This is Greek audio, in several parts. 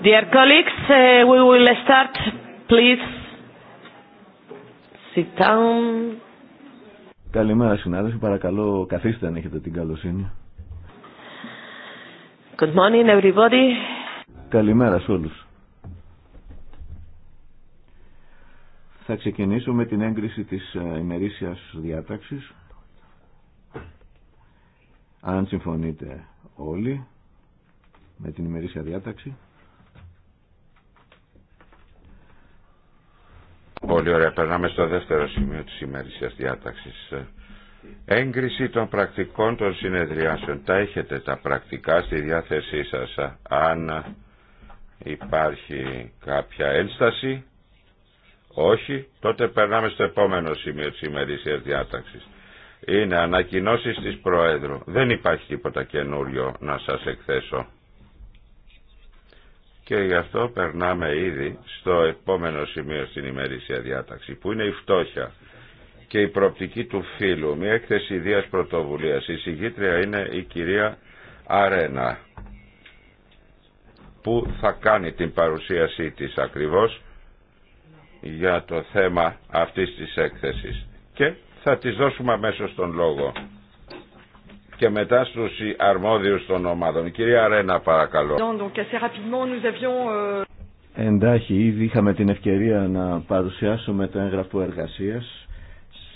Dear colleagues, uh, we will start. Please sit down. Καλημέρα συνάδελφοι, παρακαλώ καθίστε αν έχετε την καλοσύνη. Good morning everybody. Καλημέρα σε όλους. Θα ξεκινήσω με την έγκριση της ε, ημερήσιας διάταξης. Αν συμφωνείτε όλοι με την ημερήσια διάταξη. Πολύ ωραία. Περνάμε στο δεύτερο σημείο της ημερησίας διάταξης. Έγκριση των πρακτικών των συνεδριάσεων. Τα έχετε τα πρακτικά στη διάθεσή σας. Αν υπάρχει κάποια ένσταση, όχι, τότε περνάμε στο επόμενο σημείο της ημερησίας διάταξης. Είναι ανακοινώσεις της Προέδρου. Δεν υπάρχει τίποτα καινούριο να σας εκθέσω. Και γι' αυτό περνάμε ήδη στο επόμενο σημείο στην ημερήσια διάταξη, που είναι η φτώχεια και η προοπτική του φίλου. Μια έκθεση ιδίας πρωτοβουλίας. Η συγκήτρια είναι η κυρία Αρένα, που θα κάνει την παρουσίασή της ακριβώς για το θέμα αυτής της έκθεσης. Και θα της δώσουμε αμέσως τον λόγο και μετά στους αρμόδιους των ομάδων. κυρία Ρένα παρακαλώ. Euh, Εντάχει, ήδη είχαμε την ευκαιρία να παρουσιάσουμε το έγγραφο εργασίας.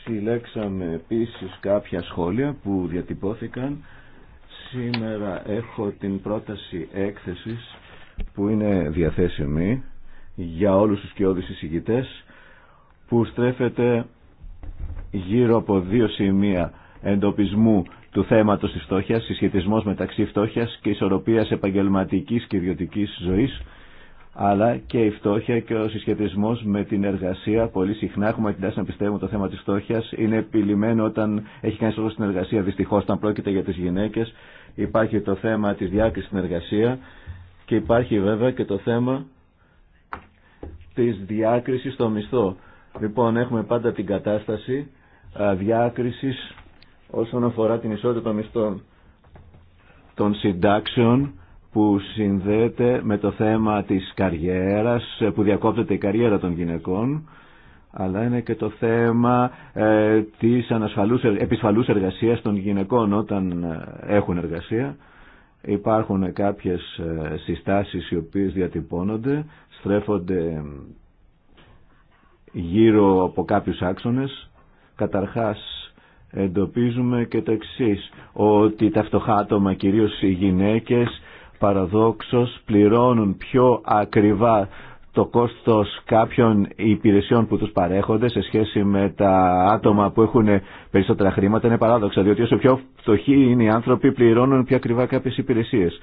Συλλέξαμε επίσης κάποια σχόλια που διατυπώθηκαν. Σήμερα έχω την πρόταση έκθεσης που είναι διαθέσιμη για όλους τους κοιόδης εισηγητές που στρέφεται γύρω από δύο σημεία εντοπισμού του θέματος της φτώχειας, συσχετισμός μεταξύ φτώχειας και ισορροπίας επαγγελματικής και ιδιωτικής ζωής, αλλά και η φτώχεια και ο συσχετισμό με την εργασία. Πολύ συχνά έχουμε την τάση να πιστεύουμε το θέμα τη φτώχεια είναι επιλημένο όταν έχει κανεί όλο στην εργασία. Δυστυχώ, όταν πρόκειται για τι γυναίκε, υπάρχει το θέμα τη διάκριση στην εργασία και υπάρχει βέβαια και το θέμα τη διάκριση στο μισθό. Λοιπόν, έχουμε πάντα την κατάσταση διάκρισης όσον αφορά την ισότητα των μισθών των συντάξεων που συνδέεται με το θέμα της καριέρας, που διακόπτεται η καριέρα των γυναικών, αλλά είναι και το θέμα ε, της ανασφαλούς, επισφαλούς εργασίας των γυναικών όταν ε, έχουν εργασία. Υπάρχουν κάποιες ε, συστάσεις οι οποίες διατυπώνονται, στρέφονται γύρω από κάποιους άξονες. Καταρχάς εντοπίζουμε και το εξή ότι τα φτωχά άτομα, κυρίως οι γυναίκες, παραδόξως πληρώνουν πιο ακριβά το κόστος κάποιων υπηρεσιών που τους παρέχονται σε σχέση με τα άτομα που έχουν περισσότερα χρήματα είναι παράδοξα, διότι όσο πιο φτωχοί είναι οι άνθρωποι πληρώνουν πιο ακριβά κάποιες υπηρεσίες.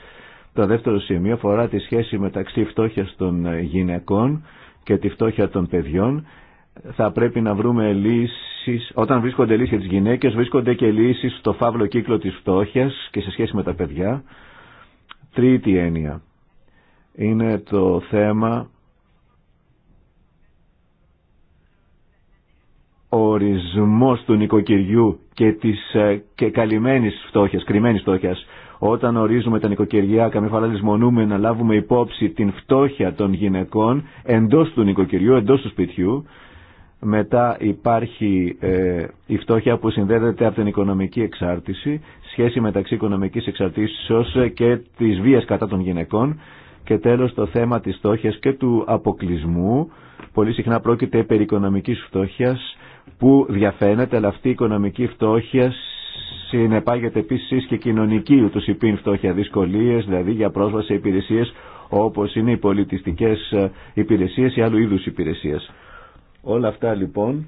Το δεύτερο σημείο αφορά τη σχέση μεταξύ φτώχεια των γυναικών και τη φτώχεια των παιδιών θα πρέπει να βρούμε λύσεις, όταν βρίσκονται λύσεις για τις γυναίκες, βρίσκονται και λύσεις στο φαύλο κύκλο της φτώχειας και σε σχέση με τα παιδιά. Τρίτη έννοια είναι το θέμα ορισμός του νοικοκυριού και της ε, και καλυμμένης φτώχειας, κρυμμένης φτώχειας. Όταν ορίζουμε τα νοικοκυριά, καμιά φορά λησμονούμε να λάβουμε υπόψη την φτώχεια των γυναικών εντός του νοικοκυριού, εντός του σπιτιού μετά υπάρχει ε, η φτώχεια που συνδέεται από την οικονομική εξάρτηση, σχέση μεταξύ οικονομικής εξαρτήσεως και της βίας κατά των γυναικών και τέλος το θέμα της φτώχειας και του αποκλεισμού. Πολύ συχνά πρόκειται περί οικονομικής φτώχειας που διαφαίνεται, αλλά αυτή η οικονομική φτώχεια συνεπάγεται επίση και κοινωνική ούτως υπήν φτώχεια δυσκολίες, δηλαδή για πρόσβαση υπηρεσίες όπως είναι οι πολιτιστικές ε, υπηρεσίες ή άλλου είδους υπηρεσίες. Όλα αυτά λοιπόν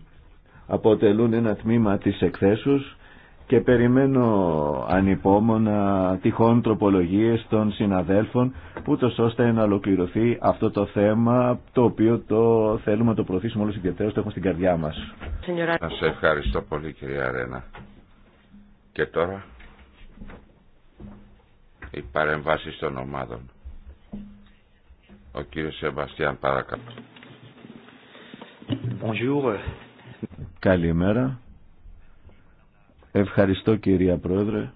αποτελούν ένα τμήμα της εκθέσεως και περιμένω ανυπόμονα τυχόν τροπολογίες των συναδέλφων ούτω ώστε να ολοκληρωθεί αυτό το θέμα το οποίο το θέλουμε να το προωθήσουμε όλους ιδιαίτερως το έχουμε στην καρδιά μας. Σα ευχαριστώ πολύ κυρία Ρένα. Και τώρα οι παρεμβάσεις των ομάδων. Ο κύριος Σεμπαστιαν παρακαλώ. Καλημέρα. Ευχαριστώ κυρία Πρόεδρε.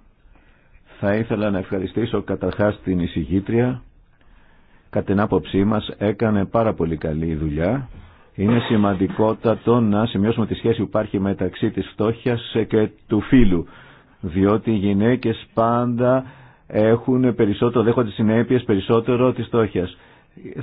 Θα ήθελα να ευχαριστήσω καταρχάς την εισηγήτρια. Κατά την άποψή μας έκανε πάρα πολύ καλή δουλειά. Είναι σημαντικότατο να σημειώσουμε τη σχέση που υπάρχει μεταξύ της φτώχειας και του φίλου. Διότι οι γυναίκες πάντα έχουν περισσότερο, δέχονται συνέπειες περισσότερο της φτώχειας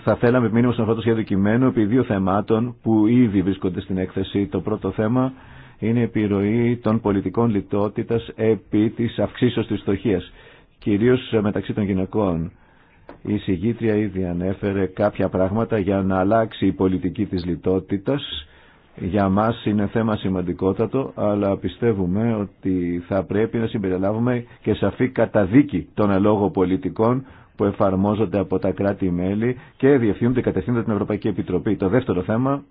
θα θέλαμε μήνυμα στον αυτό το σχέδιο κειμένου επί δύο θεμάτων που ήδη βρίσκονται στην έκθεση. Το πρώτο θέμα είναι η επιρροή των πολιτικών λιτότητας επί της αυξήσεως της στοχεία. κυρίως μεταξύ των γυναικών. Η συγγήτρια ήδη ανέφερε κάποια πράγματα για να αλλάξει η πολιτική της λιτότητας για μας είναι θέμα σημαντικότατο, αλλά πιστεύουμε ότι θα πρέπει να συμπεριλάβουμε και σαφή καταδίκη των αλόγων πολιτικών που εφαρμόζονται από τα κράτη-μέλη και διευθύνονται κατευθύνονται την Ευρωπαϊκή Επιτροπή. Το δεύτερο θέμα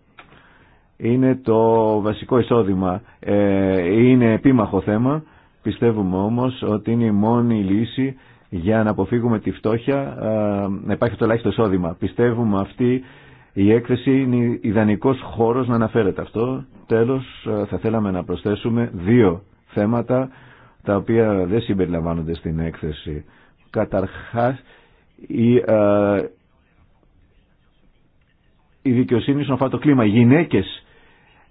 είναι το βασικό εισόδημα. Ε, είναι επίμαχο θέμα. Πιστεύουμε όμως ότι είναι η μόνη λύση για να αποφύγουμε τη φτώχεια, ε, να υπάρχει το ελάχιστο εισόδημα. Πιστεύουμε αυτή η έκθεση είναι ιδανικός χώρος να αναφέρεται αυτό. Τέλος, ε, θα θέλαμε να προσθέσουμε δύο θέματα τα οποία δεν συμπεριλαμβάνονται στην έκθεση. Καταρχάς, η, ε, η δικαιοσύνη στον το κλίμα. Οι γυναίκες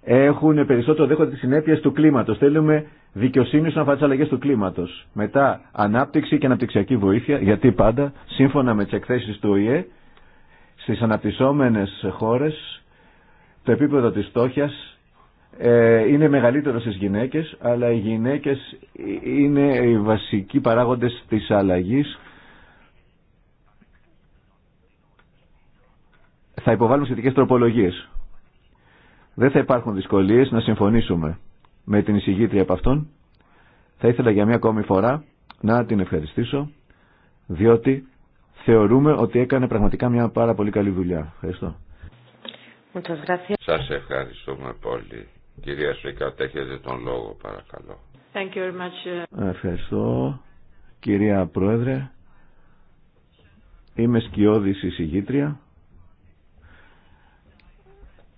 έχουν περισσότερο δέχονται τις συνέπειες του κλίματος. Θέλουμε δικαιοσύνη στον φάτο του κλίματος. Μετά, ανάπτυξη και αναπτυξιακή βοήθεια, γιατί πάντα, σύμφωνα με τις εκθέσεις του ΟΗΕ, στις αναπτυσσόμενες χώρες το επίπεδο της στόχιας ε, είναι μεγαλύτερο στις γυναίκες, αλλά οι γυναίκες είναι οι βασικοί παράγοντες της αλλαγής. Θα υποβάλουν σχετικέ τροπολογίες. Δεν θα υπάρχουν δυσκολίες να συμφωνήσουμε με την εισηγήτρια από αυτόν. Θα ήθελα για μια ακόμη φορά να την ευχαριστήσω, διότι θεωρούμε ότι έκανε πραγματικά μια πάρα πολύ καλή δουλειά. Ευχαριστώ. Σας ευχαριστούμε πολύ. Κυρία Σουίκα, τέχετε τον λόγο παρακαλώ. Thank you very much. Uh, Ευχαριστώ. Κυρία Πρόεδρε, είμαι σκιώδης εισηγήτρια.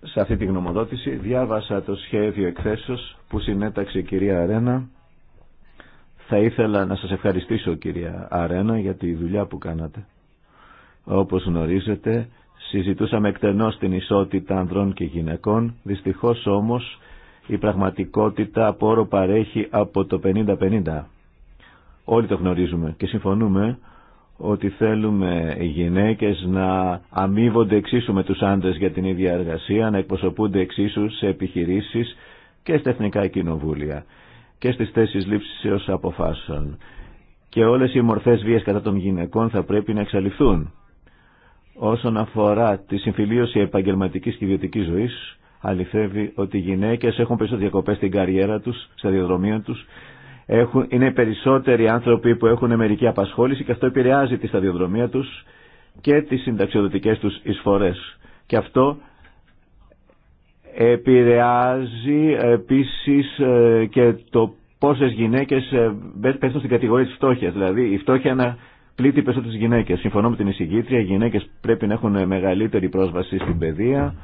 Σε αυτή τη γνωμοδότηση διάβασα το σχέδιο εκθέσεως που συνέταξε η κυρία Αρένα. Θα ήθελα να σας ευχαριστήσω κυρία Αρένα για τη δουλειά που κάνατε. Όπως γνωρίζετε, συζητούσαμε εκτενώς την ισότητα ανδρών και γυναικών. Δυστυχώς όμως η πραγματικότητα από όρο παρέχει από το 50-50. Όλοι το γνωρίζουμε και συμφωνούμε ότι θέλουμε οι γυναίκες να αμείβονται εξίσου με τους άντρες για την ίδια εργασία, να εκπροσωπούνται εξίσου σε επιχειρήσεις και στα εθνικά κοινοβούλια και στις θέσεις λήψης αποφάσεων. Και όλες οι μορφές βίας κατά των γυναικών θα πρέπει να εξαλειφθούν όσον αφορά τη συμφιλίωση επαγγελματική και ιδιωτική ζωής, αληθεύει ότι οι γυναίκες έχουν περισσότερέ διακοπές στην καριέρα τους, στα διαδρομία του, είναι περισσότεροι άνθρωποι που έχουν μερική απασχόληση και αυτό επηρεάζει τη σταδιοδρομία τους και τις συνταξιοδοτικές τους εισφορές. Και αυτό επηρεάζει επίσης ε, και το πόσες γυναίκες ε, πέφτουν στην κατηγορία της φτώχειας. Δηλαδή η φτώχεια πλήττει περισσότερο τι γυναίκε. Συμφωνώ με την εισηγήτρια, οι γυναίκε πρέπει να έχουν μεγαλύτερη πρόσβαση στην παιδεία.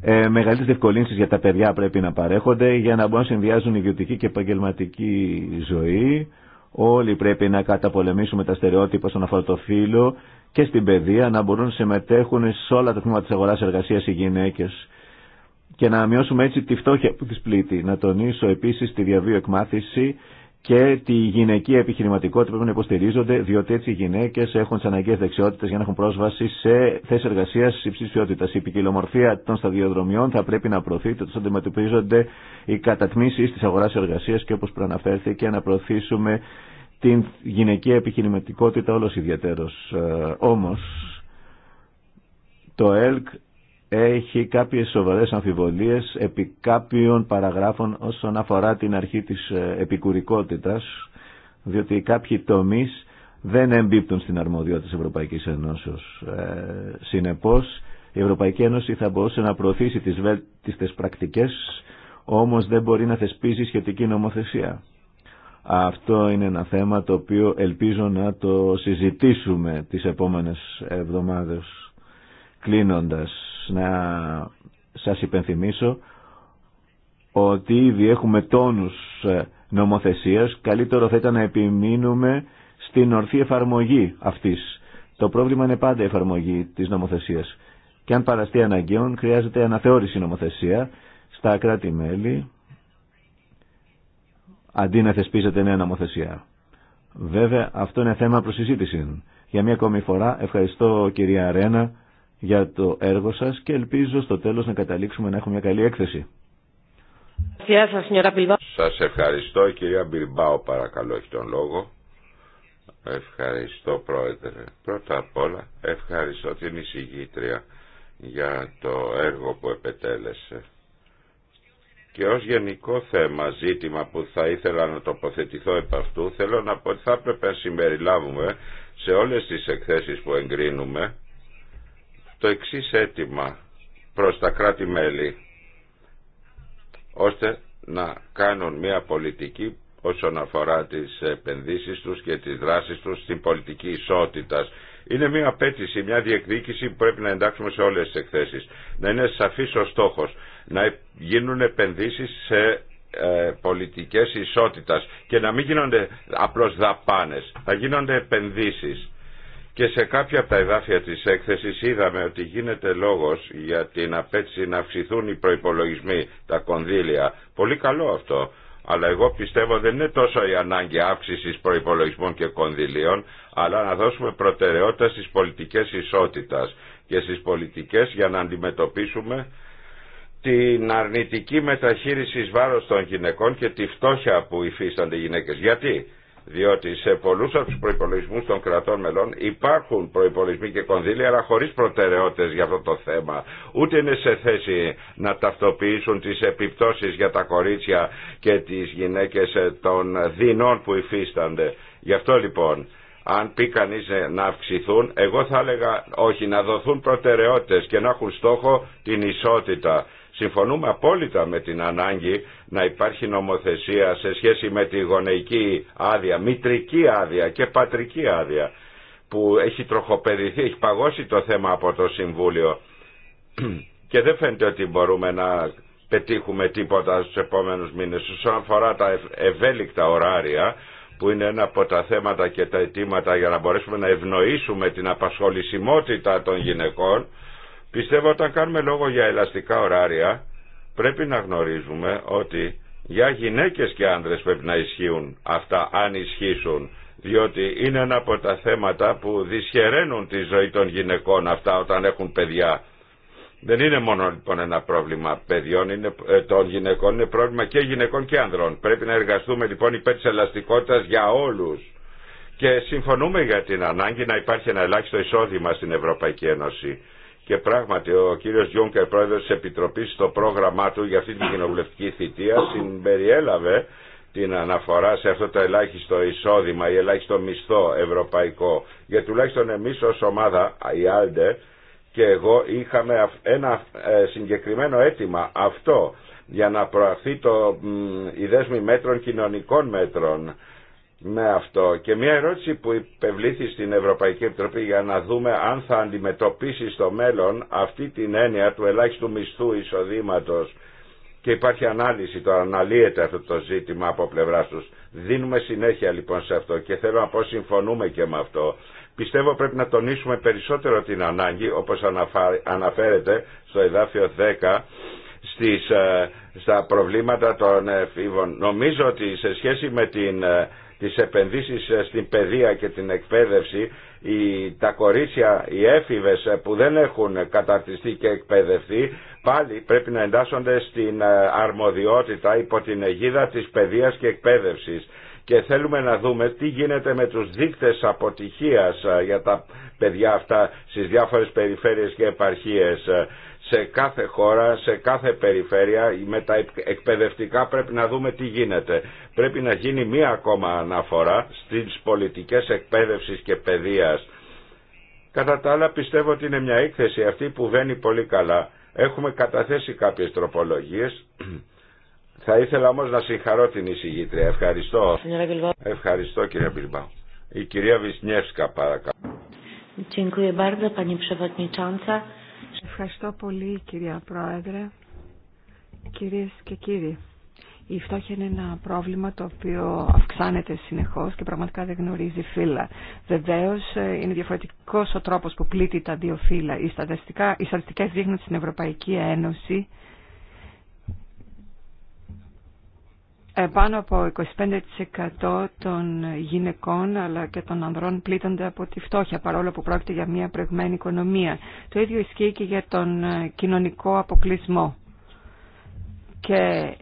Ε, Μεγαλύτερε διευκολύνσει για τα παιδιά πρέπει να παρέχονται για να μπορούν να συνδυάζουν ιδιωτική και επαγγελματική ζωή. Όλοι πρέπει να καταπολεμήσουμε τα στερεότυπα στον αφορά το φύλλο και στην παιδεία, να μπορούν να συμμετέχουν σε όλα τα τμήματα τη αγορά εργασία οι γυναίκε και να μειώσουμε έτσι τη φτώχεια που τι πλήττει. Να τονίσω επίση τη διαβίω εκμάθηση και τη γυναική επιχειρηματικότητα πρέπει να υποστηρίζονται, διότι έτσι οι γυναίκε έχουν τι αναγκαίε δεξιότητε για να έχουν πρόσβαση σε θέσει εργασία υψηλή ποιότητα. Η ποικιλομορφία των σταδιοδρομιών θα πρέπει να προωθεί ώστε αντιμετωπίζονται οι κατατμήσει τη αγορά εργασία και όπω προαναφέρθηκε να προωθήσουμε την γυναική επιχειρηματικότητα όλο ιδιαίτερο. Ε, Όμω, το ΕΛΚ έχει κάποιες σοβαρές αμφιβολίες επί κάποιων παραγράφων όσον αφορά την αρχή της ε, επικουρικότητας, διότι κάποιοι τομείς δεν εμπίπτουν στην αρμοδιότητα της Ευρωπαϊκής Ενώσεως. Ε, συνεπώς, η Ευρωπαϊκή Ένωση θα μπορούσε να προωθήσει τις βέλτιστες πρακτικές, όμως δεν μπορεί να θεσπίσει σχετική νομοθεσία. Αυτό είναι ένα θέμα το οποίο ελπίζω να το συζητήσουμε τις επόμενες εβδομάδες. Κλείνοντας, να σας υπενθυμίσω ότι ήδη έχουμε τόνους ε, νομοθεσίας, καλύτερο θα ήταν να επιμείνουμε στην ορθή εφαρμογή αυτής. Το πρόβλημα είναι πάντα η εφαρμογή της νομοθεσίας. Και αν παραστεί αναγκαίων, χρειάζεται αναθεώρηση νομοθεσία στα κράτη-μέλη, αντί να θεσπίζεται νέα νομοθεσία. Βέβαια, αυτό είναι θέμα προσυζήτηση. Για μια ακόμη φορά, ευχαριστώ κυρία Αρένα για το έργο σας και ελπίζω στο τέλος να καταλήξουμε να έχουμε μια καλή έκθεση. Σας ευχαριστώ κυρία Μπιλμπάου παρακαλώ έχει τον λόγο. Ευχαριστώ πρόεδρε. Πρώτα απ' όλα ευχαριστώ την εισηγήτρια για το έργο που επετέλεσε. Και ως γενικό θέμα, ζήτημα που θα ήθελα να τοποθετηθώ επ' αυτού, θέλω να πω ότι θα έπρεπε να συμπεριλάβουμε σε όλες τις εκθέσεις που εγκρίνουμε το εξής αίτημα προς τα κράτη-μέλη ώστε να κάνουν μια πολιτική όσον αφορά τις επενδύσεις τους και τις δράσεις τους στην πολιτική ισότητα. Είναι μια απέτηση, μια διεκδίκηση που πρέπει να εντάξουμε σε όλες τις εκθέσεις. Να είναι σαφής ο στόχος, να γίνουν επενδύσεις σε ε, πολιτικές ισότητας και να μην γίνονται απλώς δαπάνες, θα γίνονται επενδύσεις και σε κάποια από τα εδάφια της έκθεσης είδαμε ότι γίνεται λόγος για την απέτηση να αυξηθούν οι προϋπολογισμοί, τα κονδύλια. Πολύ καλό αυτό. Αλλά εγώ πιστεύω δεν είναι τόσο η ανάγκη αύξησης προϋπολογισμών και κονδυλίων, αλλά να δώσουμε προτεραιότητα στις πολιτικές ισότητας και στις πολιτικές για να αντιμετωπίσουμε την αρνητική μεταχείριση βάρος των γυναικών και τη φτώχεια που υφίστανται οι γυναίκες. Γιατί διότι σε πολλούς από τους προϋπολογισμούς των κρατών μελών υπάρχουν προϋπολογισμοί και κονδύλια αλλά χωρίς προτεραιότητες για αυτό το θέμα. Ούτε είναι σε θέση να ταυτοποιήσουν τις επιπτώσεις για τα κορίτσια και τις γυναίκες των δεινών που υφίστανται. Γι' αυτό λοιπόν αν πει κανείς να αυξηθούν, εγώ θα έλεγα όχι, να δοθούν προτεραιότητες και να έχουν στόχο την ισότητα Συμφωνούμε απόλυτα με την ανάγκη να υπάρχει νομοθεσία σε σχέση με τη γονεϊκή άδεια, μητρική άδεια και πατρική άδεια που έχει τροχοπεδηθεί, έχει παγώσει το θέμα από το Συμβούλιο και δεν φαίνεται ότι μπορούμε να πετύχουμε τίποτα στους επόμενους μήνες όσον αφορά τα ευέλικτα ωράρια που είναι ένα από τα θέματα και τα αιτήματα για να μπορέσουμε να ευνοήσουμε την απασχολησιμότητα των γυναικών Πιστεύω όταν κάνουμε λόγο για ελαστικά ωράρια πρέπει να γνωρίζουμε ότι για γυναίκες και άνδρες πρέπει να ισχύουν αυτά αν ισχύσουν διότι είναι ένα από τα θέματα που δυσχεραίνουν τη ζωή των γυναικών αυτά όταν έχουν παιδιά. Δεν είναι μόνο λοιπόν ένα πρόβλημα παιδιών, είναι, ε, των γυναικών, είναι πρόβλημα και γυναικών και ανδρών. Πρέπει να εργαστούμε λοιπόν υπέρ της ελαστικότητας για όλους. Και συμφωνούμε για την ανάγκη να υπάρχει ένα ελάχιστο εισόδημα στην Ευρωπαϊκή Ένωση. Και πράγματι ο κύριος Γιούνκερ πρόεδρος της Επιτροπής στο πρόγραμμά του για αυτή την κοινοβουλευτική θητεία συμπεριέλαβε την αναφορά σε αυτό το ελάχιστο εισόδημα ή ελάχιστο μισθό ευρωπαϊκό. Για τουλάχιστον εμείς ως ομάδα, η Άλντε και εγώ είχαμε ένα ε, συγκεκριμένο αίτημα αυτό για να προαχθεί το, η δέσμη μέτρων κοινωνικών μέτρων με αυτό. Και μια ερώτηση που υπευλήθη στην Ευρωπαϊκή Επιτροπή για να δούμε αν θα αντιμετωπίσει στο μέλλον αυτή την έννοια του ελάχιστου μισθού εισοδήματος και υπάρχει ανάλυση, το αναλύεται αυτό το ζήτημα από πλευρά τους. Δίνουμε συνέχεια λοιπόν σε αυτό και θέλω να πω συμφωνούμε και με αυτό. Πιστεύω πρέπει να τονίσουμε περισσότερο την ανάγκη, όπως αναφέρεται στο εδάφιο 10, στις, ε, στα προβλήματα των εφήβων. Νομίζω ότι σε σχέση με την ε, τις επενδύσεις ε, στην παιδεία και την εκπαίδευση οι, τα κορίτσια, οι έφηβες ε, που δεν έχουν καταρτιστεί και εκπαιδευτεί πάλι πρέπει να εντάσσονται στην ε, αρμοδιότητα υπό την αιγίδα της παιδείας και εκπαίδευσης και θέλουμε να δούμε τι γίνεται με τους δείκτες αποτυχίας για τα παιδιά αυτά στις διάφορες περιφέρειες και επαρχίες σε κάθε χώρα, σε κάθε περιφέρεια με τα εκπαιδευτικά πρέπει να δούμε τι γίνεται. Πρέπει να γίνει μία ακόμα αναφορά στις πολιτικές εκπαίδευσης και παιδείας. Κατά τα άλλα πιστεύω ότι είναι μια έκθεση αυτή που βαίνει πολύ καλά. Έχουμε καταθέσει κάποιες τροπολογίες. Θα ήθελα όμως να συγχαρώ την εισηγήτρια. Ευχαριστώ. Ευχαριστώ κύριε Μπιλμπάου. Η κυρία Βυσνιεύσκα παρακαλώ. Ευχαριστώ πολύ κυρία Πρόεδρε. Κυρίες και κύριοι, η φτώχεια είναι ένα πρόβλημα το οποίο αυξάνεται συνεχώς και πραγματικά δεν γνωρίζει φύλλα. Βεβαίως είναι διαφορετικός ο τρόπος που πλήττει τα δύο φύλλα. Οι, οι στατιστικές δείχνουν στην Ευρωπαϊκή Ένωση Ε, πάνω από 25% των γυναικών αλλά και των ανδρών πλήττονται από τη φτώχεια παρόλο που πρόκειται για μια προηγμένη οικονομία. Το ίδιο ισχύει και για τον ε, κοινωνικό αποκλεισμό. Και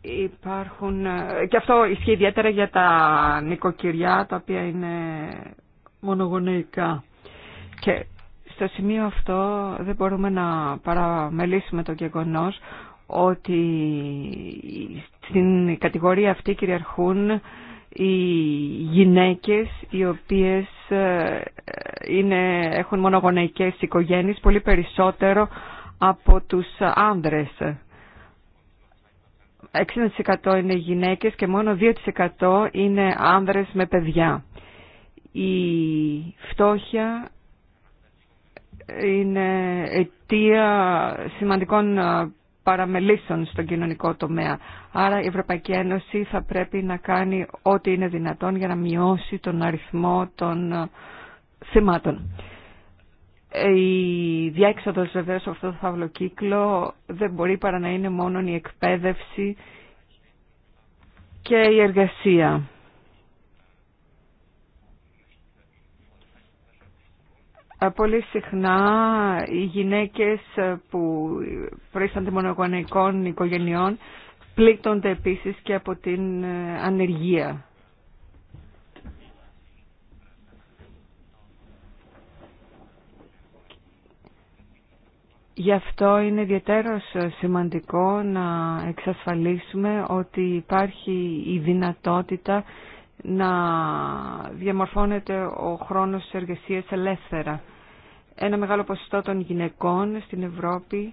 υπάρχουν... Ε, και αυτό ισχύει ιδιαίτερα για τα νοικοκυριά τα οποία είναι μονογονεϊκά. Και στο σημείο αυτό δεν μπορούμε να παραμελήσουμε το γεγονός ότι στην κατηγορία αυτή κυριαρχούν οι γυναίκες οι οποίες ε, είναι, έχουν μονογονεϊκές οικογένειες πολύ περισσότερο από τους άνδρες. 60% είναι γυναίκες και μόνο 2% είναι άνδρες με παιδιά. Η φτώχεια είναι αιτία σημαντικών ε, παραμελήσεων στον κοινωνικό τομέα. Άρα η Ευρωπαϊκή Ένωση θα πρέπει να κάνει ό,τι είναι δυνατόν για να μειώσει τον αριθμό των ε, θυμάτων. Ε, η διέξοδος βεβαίω σε αυτό το φαύλο δεν μπορεί παρά να είναι μόνο η εκπαίδευση και η εργασία. Ε, πολύ συχνά οι γυναίκες ε, που βρίσκονται μονογονεϊκών οικογενειών πλήττονται επίσης και από την ε, ανεργία. Γι' αυτό είναι ιδιαίτερο σημαντικό να εξασφαλίσουμε ότι υπάρχει η δυνατότητα να διαμορφώνεται ο χρόνος της εργασίας ελεύθερα. Ένα μεγάλο ποσοστό των γυναικών στην Ευρώπη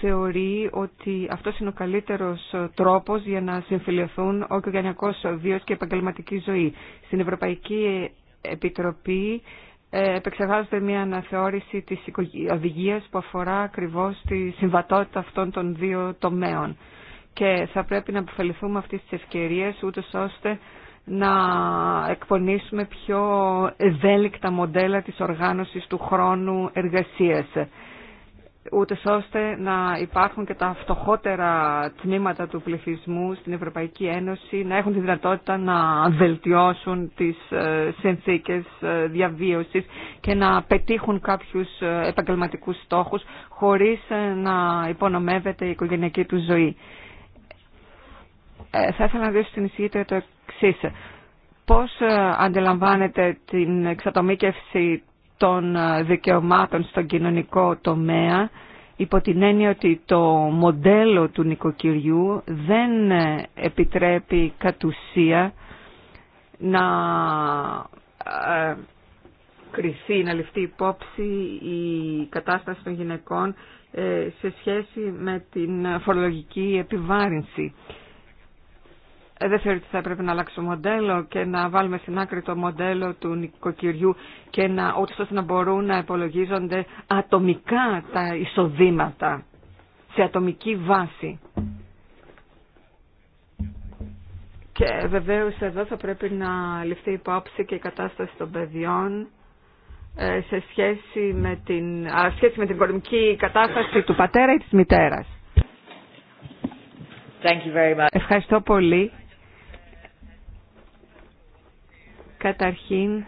θεωρεί ότι αυτό είναι ο καλύτερος τρόπος για να συμφιλειωθούν ο οικογενειακός βίος και η επαγγελματική ζωή. Στην Ευρωπαϊκή Επιτροπή ε, επεξεργάζεται μια αναθεώρηση της οδηγίας που αφορά ακριβώς τη συμβατότητα αυτών των δύο τομέων. Και θα πρέπει να αποφεληθούμε αυτής της ευκαιρίας ούτως ώστε να εκπονήσουμε πιο ευέλικτα μοντέλα της οργάνωσης του χρόνου εργασίας ούτε ώστε να υπάρχουν και τα φτωχότερα τμήματα του πληθυσμού στην Ευρωπαϊκή Ένωση να έχουν τη δυνατότητα να βελτιώσουν τις ε, συνθήκες ε, διαβίωσης και να πετύχουν κάποιους ε, επαγγελματικούς στόχους χωρίς να υπονομεύεται η οικογενειακή του ζωή. Ε, θα ήθελα να δώσω στην εισηγήτρια το εξή. Πώς ε, αντιλαμβάνεται την εξατομήκευση των ε, δικαιωμάτων στον κοινωνικό τομέα υπό την έννοια ότι το μοντέλο του νοικοκυριού δεν επιτρέπει κατ' ουσία να κρυθεί να ληφθεί υπόψη η κατάσταση των γυναικών σε σχέση με την φορολογική επιβάρυνση. Ε, δεν θεωρεί ότι θα έπρεπε να αλλάξουμε μοντέλο και να βάλουμε στην άκρη το μοντέλο του νοικοκυριού και να, ώστε να μπορούν να υπολογίζονται ατομικά τα εισοδήματα σε ατομική βάση. Και βεβαίω εδώ θα πρέπει να ληφθεί υπόψη και η κατάσταση των παιδιών ε, σε σχέση με την, α, σχέση με την οικονομική κατάσταση του πατέρα ή της μητέρας. Thank you very much. Ευχαριστώ πολύ. Καταρχήν,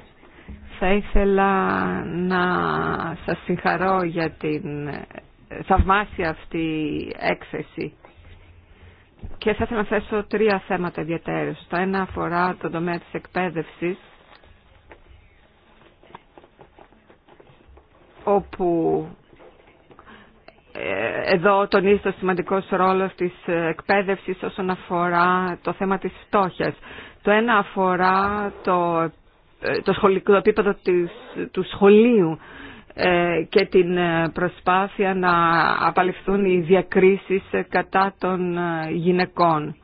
θα ήθελα να σας συγχαρώ για την θαυμάσια αυτή έκθεση. Και θα ήθελα να θέσω τρία θέματα ιδιαίτερως. Το ένα αφορά τον τομέα της εκπαίδευσης, όπου ε, εδώ τονίζει το σημαντικός ρόλος της εκπαίδευσης όσον αφορά το θέμα της φτώχειας. Το ένα αφορά το, ε, το, σχολικό, το επίπεδο της, του σχολείου ε, και την ε, προσπάθεια να απαλληφθούν οι διακρίσεις κατά των γυναικών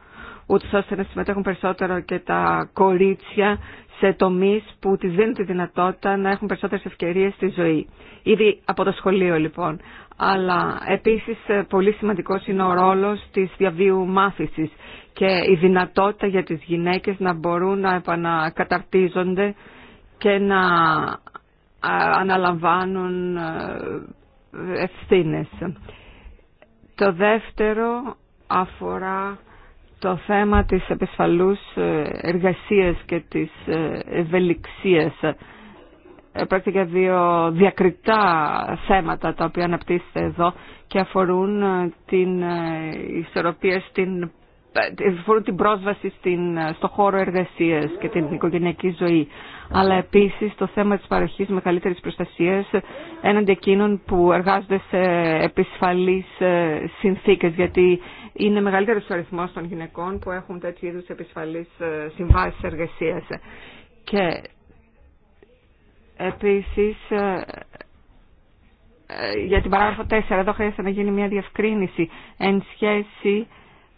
ούτως ώστε να συμμετέχουν περισσότερο και τα κορίτσια σε τομείς που τη δίνουν τη δυνατότητα να έχουν περισσότερες ευκαιρίες στη ζωή. Ήδη από το σχολείο λοιπόν. Αλλά επίσης πολύ σημαντικός είναι ο ρόλος της διαβίου μάθησης και η δυνατότητα για τις γυναίκες να μπορούν να επανακαταρτίζονται και να αναλαμβάνουν ε, ευθύνες. Το δεύτερο αφορά το θέμα της επισφαλούς ε, εργασίας και της ε, ευελιξίας. Πρόκειται για δύο διακριτά θέματα τα οποία αναπτύσσεται εδώ και αφορούν την ισορροπία στην αφορούν την πρόσβαση στον στο χώρο εργασίας και την οικογενειακή ζωή, αλλά επίσης το θέμα της παροχής μεγαλύτερης προστασίας έναντι εκείνων που εργάζονται σε επισφαλείς ε, συνθήκες, γιατί είναι μεγαλύτερος ο αριθμός των γυναικών που έχουν τέτοιου είδους επισφαλείς ε, συμβάσεις εργασίας. Και επίσης ε, για την παράγραφο 4 εδώ χρειάζεται να γίνει μια διευκρίνηση εν σχέση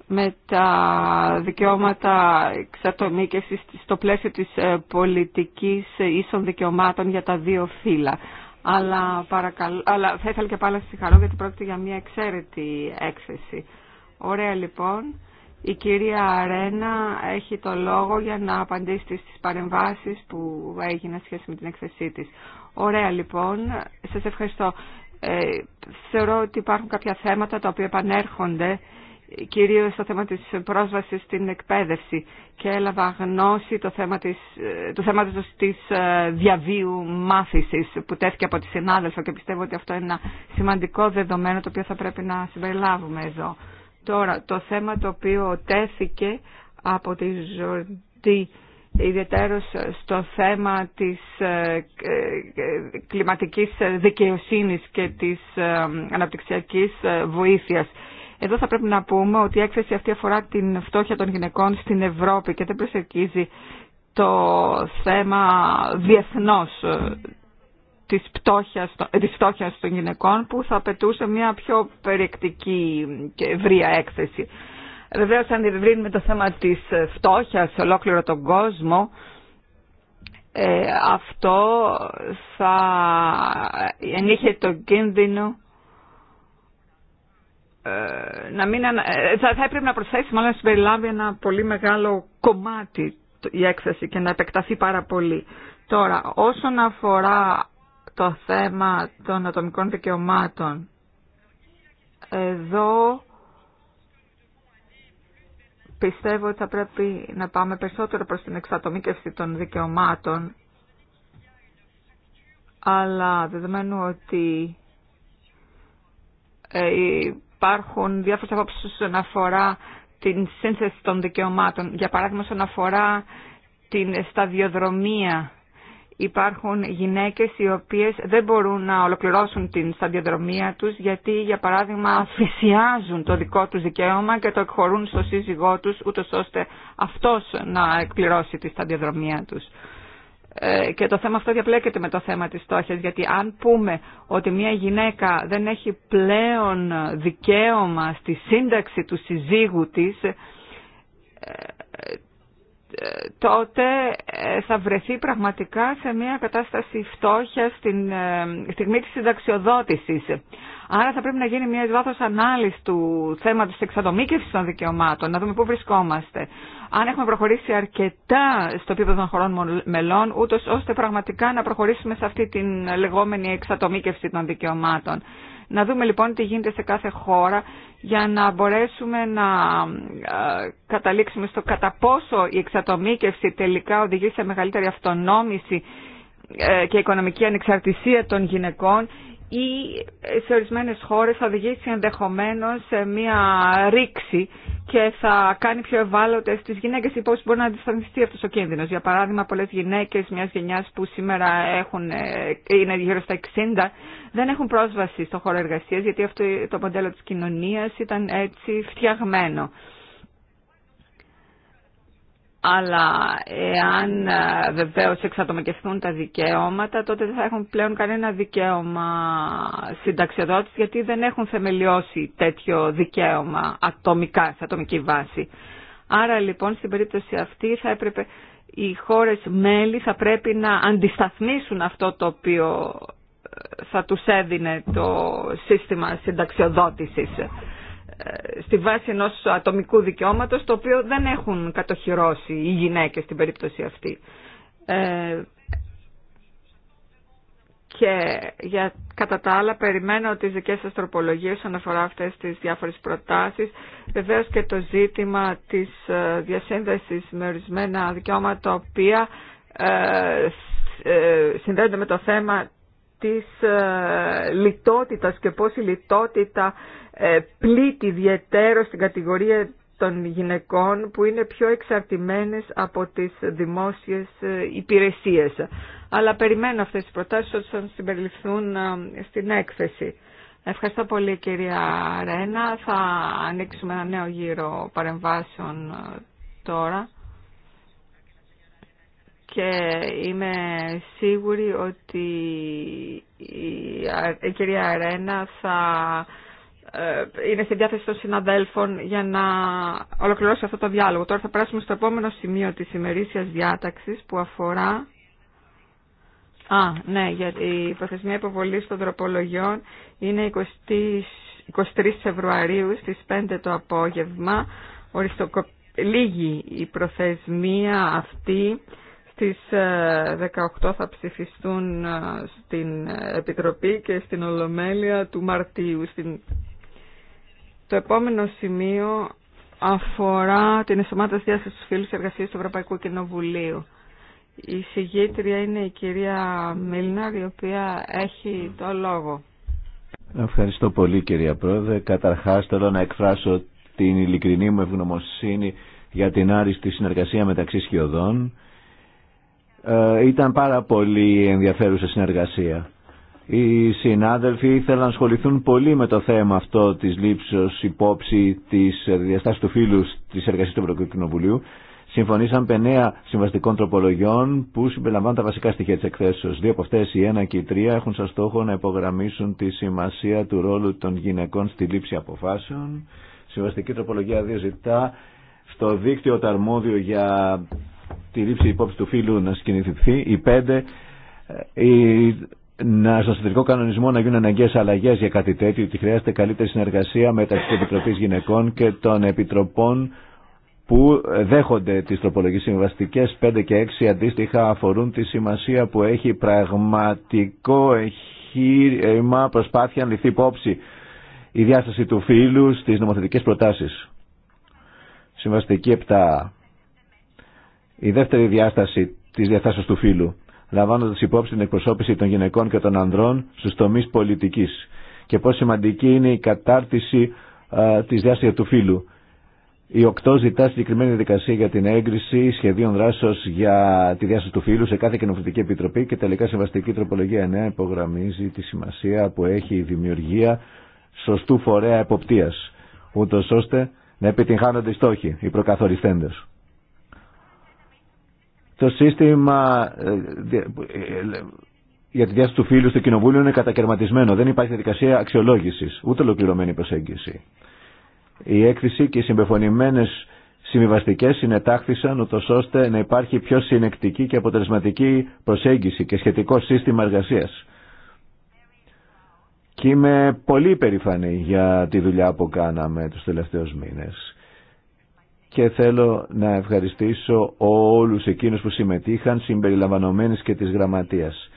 με τα δικαιώματα εξατομίκευσης στο πλαίσιο της ε, πολιτικής ίσων δικαιωμάτων για τα δύο φύλλα. Αλλά, παρακαλώ, θα ήθελα και πάλι να συγχαρώ γιατί πρόκειται για μια εξαίρετη έκθεση. Ωραία λοιπόν. Η κυρία Αρένα έχει το λόγο για να απαντήσει στις παρεμβάσεις που έγιναν σχέση με την έκθεσή της. Ωραία λοιπόν. Σας ευχαριστώ. Ε, θεωρώ ότι υπάρχουν κάποια θέματα τα οποία επανέρχονται κυρίως στο θέμα της πρόσβασης στην εκπαίδευση και έλαβα γνώση το θέμα της, του θέματος της ε, διαβίου μάθησης που τέθηκε από τη συνάδελφα και πιστεύω ότι αυτό είναι ένα σημαντικό δεδομένο το οποίο θα πρέπει να συμπεριλάβουμε εδώ. Τώρα, το θέμα το οποίο τέθηκε από τη Ζορτή ιδιαίτερος στο θέμα της ε, ε, κλιματικής δικαιοσύνης και της αναπτυξιακής βοήθειας εδώ θα πρέπει να πούμε ότι η έκθεση αυτή αφορά την φτώχεια των γυναικών στην Ευρώπη και δεν προσερκίζει το θέμα διεθνώς ε, της, πτώχειας, ε, της φτώχειας των γυναικών που θα απαιτούσε μια πιο περιεκτική και ευρία έκθεση. Βεβαίω αν διευρύνουμε το θέμα της φτώχειας σε ολόκληρο τον κόσμο, ε, αυτό θα ενήχε το κίνδυνο ε, να μην ε, θα, έπρεπε να προσθέσει μάλλον να συμπεριλάβει ένα πολύ μεγάλο κομμάτι η έκθεση και να επεκταθεί πάρα πολύ. Τώρα, όσον αφορά το θέμα των ατομικών δικαιωμάτων, εδώ πιστεύω ότι θα πρέπει να πάμε περισσότερο προς την εξατομίκευση των δικαιωμάτων, αλλά δεδομένου ότι ε, υπάρχουν διάφορες απόψεις όσον αφορά την σύνθεση των δικαιωμάτων. Για παράδειγμα, όσον αφορά την σταδιοδρομία υπάρχουν γυναίκες οι οποίες δεν μπορούν να ολοκληρώσουν την σταδιοδρομία τους γιατί για παράδειγμα αφησιάζουν το δικό τους δικαίωμα και το εκχωρούν στο σύζυγό τους ούτως ώστε αυτός να εκπληρώσει τη σταδιοδρομία τους. Ε, και το θέμα αυτό διαπλέκεται με το θέμα της στόχης, γιατί αν πούμε ότι μια γυναίκα δεν έχει πλέον δικαίωμα στη σύνταξη του συζύγου της, ε, τότε ε, θα βρεθεί πραγματικά σε μια κατάσταση φτώχεια στην ε, στιγμή της συνταξιοδότησης. Άρα θα πρέπει να γίνει μια βάθος ανάλυση του θέματος της εξατομίκευσης των δικαιωμάτων, να δούμε πού βρισκόμαστε. Αν έχουμε προχωρήσει αρκετά στο επίπεδο των χωρών μελών, ούτω ώστε πραγματικά να προχωρήσουμε σε αυτή την λεγόμενη εξατομίκευση των δικαιωμάτων. Να δούμε λοιπόν τι γίνεται σε κάθε χώρα για να μπορέσουμε να ε, καταλήξουμε στο κατά πόσο η εξατομίκευση τελικά οδηγεί σε μεγαλύτερη αυτονόμηση ε, και οικονομική ανεξαρτησία των γυναικών ή σε ορισμένες χώρες θα οδηγήσει ενδεχομένως σε μία ρήξη και θα κάνει πιο ευάλωτες τις γυναίκες ή πώς μπορεί να αντισταθμιστεί αυτός ο κίνδυνος. Για παράδειγμα, πολλές γυναίκες μιας γενιάς που σήμερα έχουν, ε, είναι γύρω στα 60 δεν έχουν πρόσβαση στο χώρο εργασίας γιατί αυτό το μοντέλο της κοινωνίας ήταν έτσι φτιαγμένο αλλά εάν ε, βεβαίως εξατομικευθούν τα δικαιώματα, τότε δεν θα έχουν πλέον κανένα δικαίωμα συνταξιοδότηση, γιατί δεν έχουν θεμελιώσει τέτοιο δικαίωμα ατομικά, σε ατομική βάση. Άρα λοιπόν στην περίπτωση αυτή θα έπρεπε οι χώρες μέλη θα πρέπει να αντισταθμίσουν αυτό το οποίο ε, θα τους έδινε το σύστημα συνταξιοδότησης στη βάση ενός ατομικού δικαιώματος το οποίο δεν έχουν κατοχυρώσει οι γυναίκες στην περίπτωση αυτή. Ε, και για, κατά τα άλλα περιμένω τις δικές σας τροπολογίες όσον αυτές τις διάφορες προτάσεις. Βεβαίως και το ζήτημα της ε, διασύνδεσης με ορισμένα δικαιώματα τα οποία ε, συνδέονται με το θέμα της ε, λιτότητας και πώς η λιτότητα ε, πλήττει ιδιαίτερο στην κατηγορία των γυναικών που είναι πιο εξαρτημένες από τις δημόσιες ε, υπηρεσίες. Αλλά περιμένω αυτές τις προτάσεις όταν συμπεριληφθούν ε, στην έκθεση. Ευχαριστώ πολύ κυρία Ρένα. Θα ανοίξουμε ένα νέο γύρο παρεμβάσεων τώρα. Και είμαι σίγουρη ότι η κυρία Αρένα θα ε, είναι στη διάθεση των συναδέλφων για να ολοκληρώσει αυτό το διάλογο. Τώρα θα περάσουμε στο επόμενο σημείο της ημερήσιας διάταξης που αφορά... Α, ναι, γιατί η προθεσμία υποβολή των τροπολογιών είναι 23 Φεβρουαρίου στις 5 το απόγευμα. Οριστοκο... Λίγη η προθεσμία αυτή. Στις 18 ε, θα ψηφιστούν ε, στην Επιτροπή και στην Ολομέλεια του Μαρτίου, στην το επόμενο σημείο αφορά την εσωμάτωσή διάσταση του φίλου εργασία του Ευρωπαϊκού Κοινοβουλίου. Η συγγήτρια είναι η κυρία Μίλναρ, η οποία έχει το λόγο. Ευχαριστώ πολύ κυρία Πρόεδρε. Καταρχάς θέλω να εκφράσω την ειλικρινή μου ευγνωμοσύνη για την άριστη συνεργασία μεταξύ σχεδόν. Ε, ήταν πάρα πολύ ενδιαφέρουσα συνεργασία. Οι συνάδελφοι ήθελαν να ασχοληθούν πολύ με το θέμα αυτό της λήψης υπόψη της διαστάσης του φύλου της εργασίας του Ευρωκοινοβουλίου. Συμφωνήσαν πενέα συμβαστικών τροπολογιών που συμπεριλαμβάνουν τα βασικά στοιχεία της εκθέσεως. Δύο από αυτές, η 1 και η 3, έχουν σαν στόχο να υπογραμμίσουν τη σημασία του ρόλου των γυναικών στη λήψη αποφάσεων. Συμβαστική τροπολογία 2 ζητά στο δίκτυο το αρμόδιο για τη λήψη υπόψη του φίλου να σκηνηθηθεί. Η 5, να, στον εσωτερικό κανονισμό να γίνουν αναγκαίε αλλαγέ για κάτι τέτοιο, ότι χρειάζεται καλύτερη συνεργασία μεταξύ τη Επιτροπή Γυναικών και των Επιτροπών που δέχονται τις τροπολογίε συμβαστικέ 5 και 6 αντίστοιχα αφορούν τη σημασία που έχει πραγματικό εγχείρημα προσπάθεια να ληφθεί υπόψη η διάσταση του φύλου στι νομοθετικέ προτάσει. Συμβαστική 7. Η δεύτερη διάσταση τη διαστάσεως του φύλου λαμβάνοντας υπόψη την εκπροσώπηση των γυναικών και των ανδρών στους τομείς πολιτικής και πόσο σημαντική είναι η κατάρτιση τη της του φύλου. Η οκτώ ζητά συγκεκριμένη δικασία για την έγκριση σχεδίων δράσεω για τη διάσταση του φύλου σε κάθε κοινοβουλευτική επιτροπή και τελικά Συμβαστική Τροπολογία 9 υπογραμμίζει τη σημασία που έχει η δημιουργία σωστού φορέα εποπτεία, ούτω ώστε να επιτυγχάνονται οι στόχοι, οι προκαθοριστέντε. Το σύστημα ε, ε, για τη διάσταση του φίλου στο Κοινοβούλιο είναι κατακαιρματισμένο. Δεν υπάρχει διαδικασία αξιολόγηση, ούτε ολοκληρωμένη προσέγγιση. Η έκθεση και οι συμπεφωνημένε συμβιβαστικέ συνετάχθησαν ούτω ώστε να υπάρχει πιο συνεκτική και αποτελεσματική προσέγγιση και σχετικό σύστημα εργασία. Και είμαι πολύ περήφανη για τη δουλειά που κάναμε τους τελευταίους μήνες και θέλω να ευχαριστήσω όλους εκείνους που συμμετείχαν συμπεριλαμβανομένες και της γραμματείας.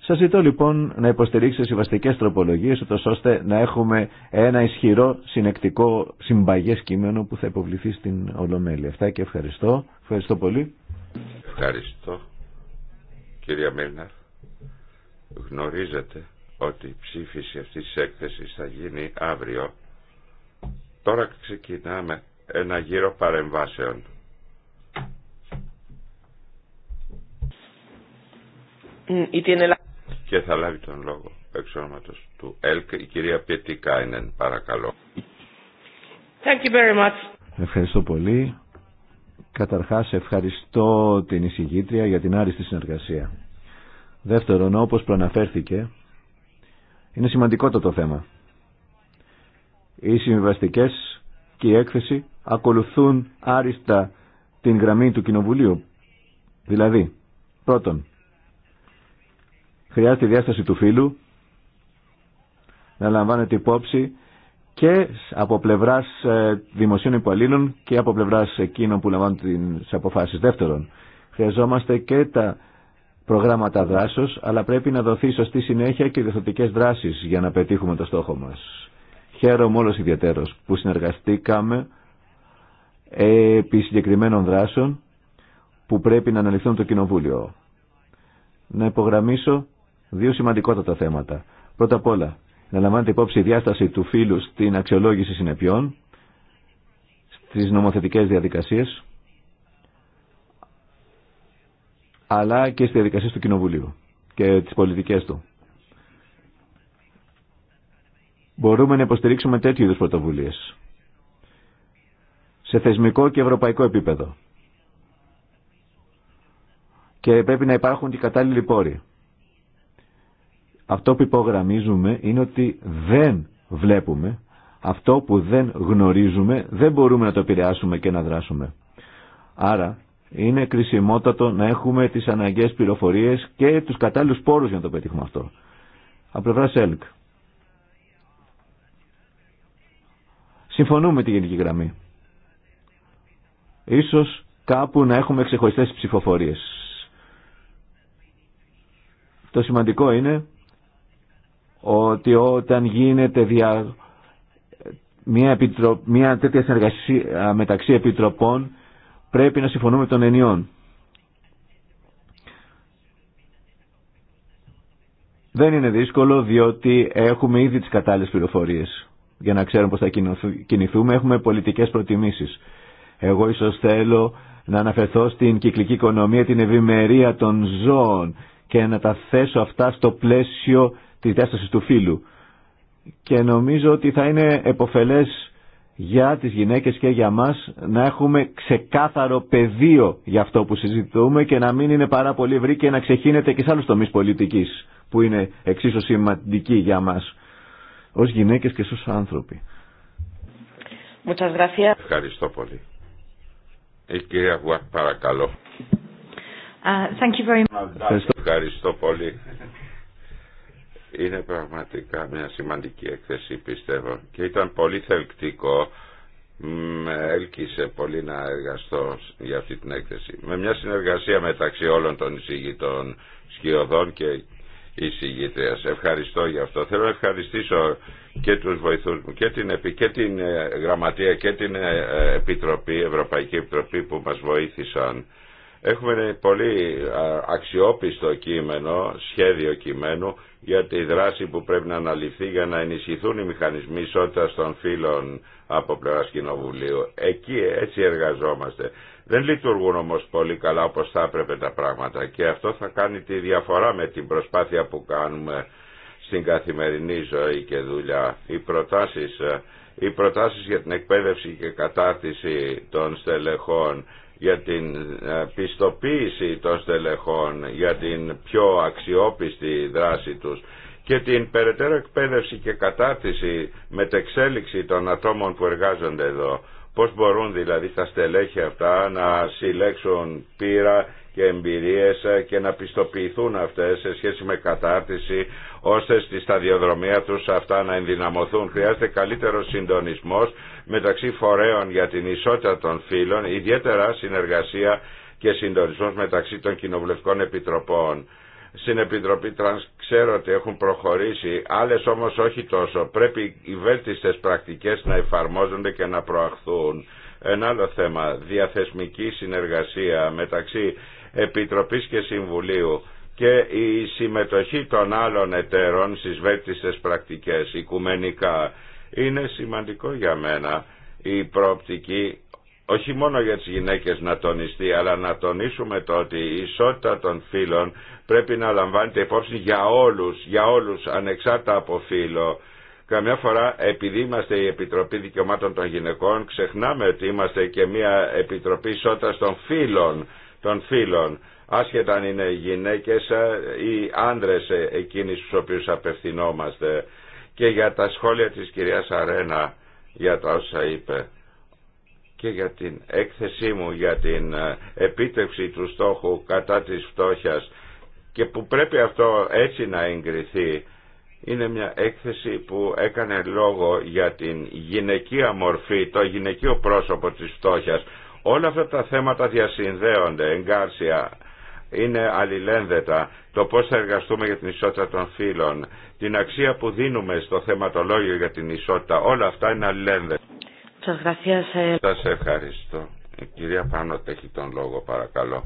Σας ζητώ λοιπόν να υποστηρίξετε συμβαστικές τροπολογίες ώστε να έχουμε ένα ισχυρό συνεκτικό συμπαγές κείμενο που θα υποβληθεί στην Ολομέλη. Αυτά και ευχαριστώ. Ευχαριστώ πολύ. Ευχαριστώ. κύριε Μέλνα, γνωρίζετε ότι η ψήφιση αυτής της έκθεσης θα γίνει αύριο. Τώρα ξεκινάμε ένα γύρο παρεμβάσεων. Και θα λάβει τον λόγο εξ ονόματος του ΕΛΚ η κυρία Πιετικάινεν, παρακαλώ. Thank you very much. Ευχαριστώ πολύ. Καταρχάς ευχαριστώ την εισηγήτρια για την άριστη συνεργασία. Δεύτερον, όπως προαναφέρθηκε, είναι σημαντικό το, θέμα. Οι συμβιβαστικές και η έκθεση ακολουθούν άριστα την γραμμή του Κοινοβουλίου. Δηλαδή, πρώτον, χρειάζεται η διάσταση του φίλου να λαμβάνεται υπόψη και από πλευράς ε, δημοσίων υπαλλήλων και από πλευράς εκείνων που λαμβάνουν τις αποφάσεις. Δεύτερον, χρειαζόμαστε και τα προγράμματα δράσεως, αλλά πρέπει να δοθεί σωστή συνέχεια και διευθυντικές δράσεις για να πετύχουμε το στόχο μας. Χαίρομαι όλος ιδιαίτερος που συνεργαστήκαμε επί συγκεκριμένων δράσεων που πρέπει να αναλυθούν το Κοινοβούλιο. Να υπογραμμίσω δύο σημαντικότατα θέματα. Πρώτα απ' όλα, να λαμβάνετε υπόψη η διάσταση του φύλου στην αξιολόγηση συνεπειών, στις νομοθετικές διαδικασίες, αλλά και στις διαδικασίες του Κοινοβουλίου και τις πολιτικές του. Μπορούμε να υποστηρίξουμε τέτοιου είδους πρωτοβουλίες σε θεσμικό και ευρωπαϊκό επίπεδο. Και πρέπει να υπάρχουν και κατάλληλοι πόροι. Αυτό που υπογραμμίζουμε είναι ότι δεν βλέπουμε, αυτό που δεν γνωρίζουμε, δεν μπορούμε να το επηρεάσουμε και να δράσουμε. Άρα είναι κρισιμότατο να έχουμε τις αναγκαίες πληροφορίες και τους κατάλληλους πόρους για να το πετύχουμε αυτό. Από πλευρά ΣΕΛΚ. Συμφωνούμε με τη γενική γραμμή. Ίσως κάπου να έχουμε ξεχωριστές ψηφοφορίες. Το σημαντικό είναι ότι όταν γίνεται δια... μια, επιτρο... μια τέτοια συνεργασία μεταξύ επιτροπών πρέπει να συμφωνούμε των ενιών. Δεν είναι δύσκολο διότι έχουμε ήδη τις κατάλληλες πληροφορίες για να ξέρουμε πώς θα κινηθούμε. Έχουμε πολιτικές προτιμήσεις. Εγώ ίσως θέλω να αναφερθώ στην κυκλική οικονομία, την ευημερία των ζώων και να τα θέσω αυτά στο πλαίσιο της διάστασης του φύλου. Και νομίζω ότι θα είναι εποφελές για τις γυναίκες και για μας να έχουμε ξεκάθαρο πεδίο για αυτό που συζητούμε και να μην είναι πάρα πολύ ευρύ και να ξεχύνεται και σε άλλους τομείς πολιτικής που είναι εξίσου σημαντική για μας ως γυναίκες και ως άνθρωποι. Ευχαριστώ πολύ. Η ε, κυρία παρακαλώ. Ευχαριστώ πολύ. Είναι πραγματικά μια σημαντική έκθεση πιστεύω και ήταν πολύ θελκτικό με έλκυσε πολύ να εργαστώ για αυτή την έκθεση. Με μια συνεργασία μεταξύ όλων των εισηγητών σκιωδών και σε Ευχαριστώ για αυτό. Θέλω να ευχαριστήσω και τους βοηθούς μου και την, και την ε, Γραμματεία και την ε, Επιτροπή, Ευρωπαϊκή Επιτροπή που μας βοήθησαν. Έχουμε ένα πολύ αξιόπιστο κείμενο, σχέδιο κειμένου για τη δράση που πρέπει να αναλυθεί για να ενισχυθούν οι μηχανισμοί ισότητας των φύλων από πλευράς Κοινοβουλίου. Εκεί έτσι εργαζόμαστε. Δεν λειτουργούν όμως πολύ καλά όπως θα έπρεπε τα πράγματα και αυτό θα κάνει τη διαφορά με την προσπάθεια που κάνουμε στην καθημερινή ζωή και δουλειά. Οι προτάσεις, ε, οι προτάσεις για την εκπαίδευση και κατάρτιση των στελεχών, για την ε, πιστοποίηση των στελεχών, για την πιο αξιόπιστη δράση τους και την περαιτέρω εκπαίδευση και κατάρτιση μετεξέλιξη των ατόμων που εργάζονται εδώ. Πώς μπορούν δηλαδή τα στελέχη αυτά να συλλέξουν πείρα και εμπειρίες και να πιστοποιηθούν αυτές σε σχέση με κατάρτιση ώστε στη σταδιοδρομία τους αυτά να ενδυναμωθούν. Χρειάζεται καλύτερο συντονισμός μεταξύ φορέων για την ισότητα των φύλων, ιδιαίτερα συνεργασία και συντονισμός μεταξύ των κοινοβουλευτικών επιτροπών στην Επιτροπή Τρανς ξέρω ότι έχουν προχωρήσει, άλλες όμως όχι τόσο. Πρέπει οι βέλτιστες πρακτικές να εφαρμόζονται και να προαχθούν. Ένα άλλο θέμα, διαθεσμική συνεργασία μεταξύ Επιτροπής και Συμβουλίου και η συμμετοχή των άλλων εταίρων στις βέλτιστες πρακτικές, οικουμενικά, είναι σημαντικό για μένα η προοπτική όχι μόνο για τις γυναίκες να τονιστεί, αλλά να τονίσουμε το ότι η ισότητα των φύλων πρέπει να λαμβάνεται υπόψη για όλους, για όλους ανεξάρτητα από φύλο. Καμιά φορά επειδή είμαστε η Επιτροπή Δικαιωμάτων των Γυναικών ξεχνάμε ότι είμαστε και μια Επιτροπή Ισότητας των Φύλων, των φίλων, άσχετα αν είναι γυναίκες ε, ή άνδρες ε, εκείνοι στους οποίους απευθυνόμαστε. Και για τα σχόλια της κυρίας Αρένα για τα όσα είπε και για την έκθεσή μου για την ε, επίτευξη του στόχου κατά της φτώχειας και που πρέπει αυτό έτσι να εγκριθεί είναι μια έκθεση που έκανε λόγο για την γυναικεία μορφή, το γυναικείο πρόσωπο της φτώχειας. Όλα αυτά τα θέματα διασυνδέονται εγκάρσια, είναι αλληλένδετα. Το πώς θα εργαστούμε για την ισότητα των φίλων, την αξία που δίνουμε στο θεματολόγιο για την ισότητα, όλα αυτά είναι αλληλένδετα. Eh. Σας ευχαριστώ. Η ε, κυρία Πάνο έχει τον λόγο παρακαλώ.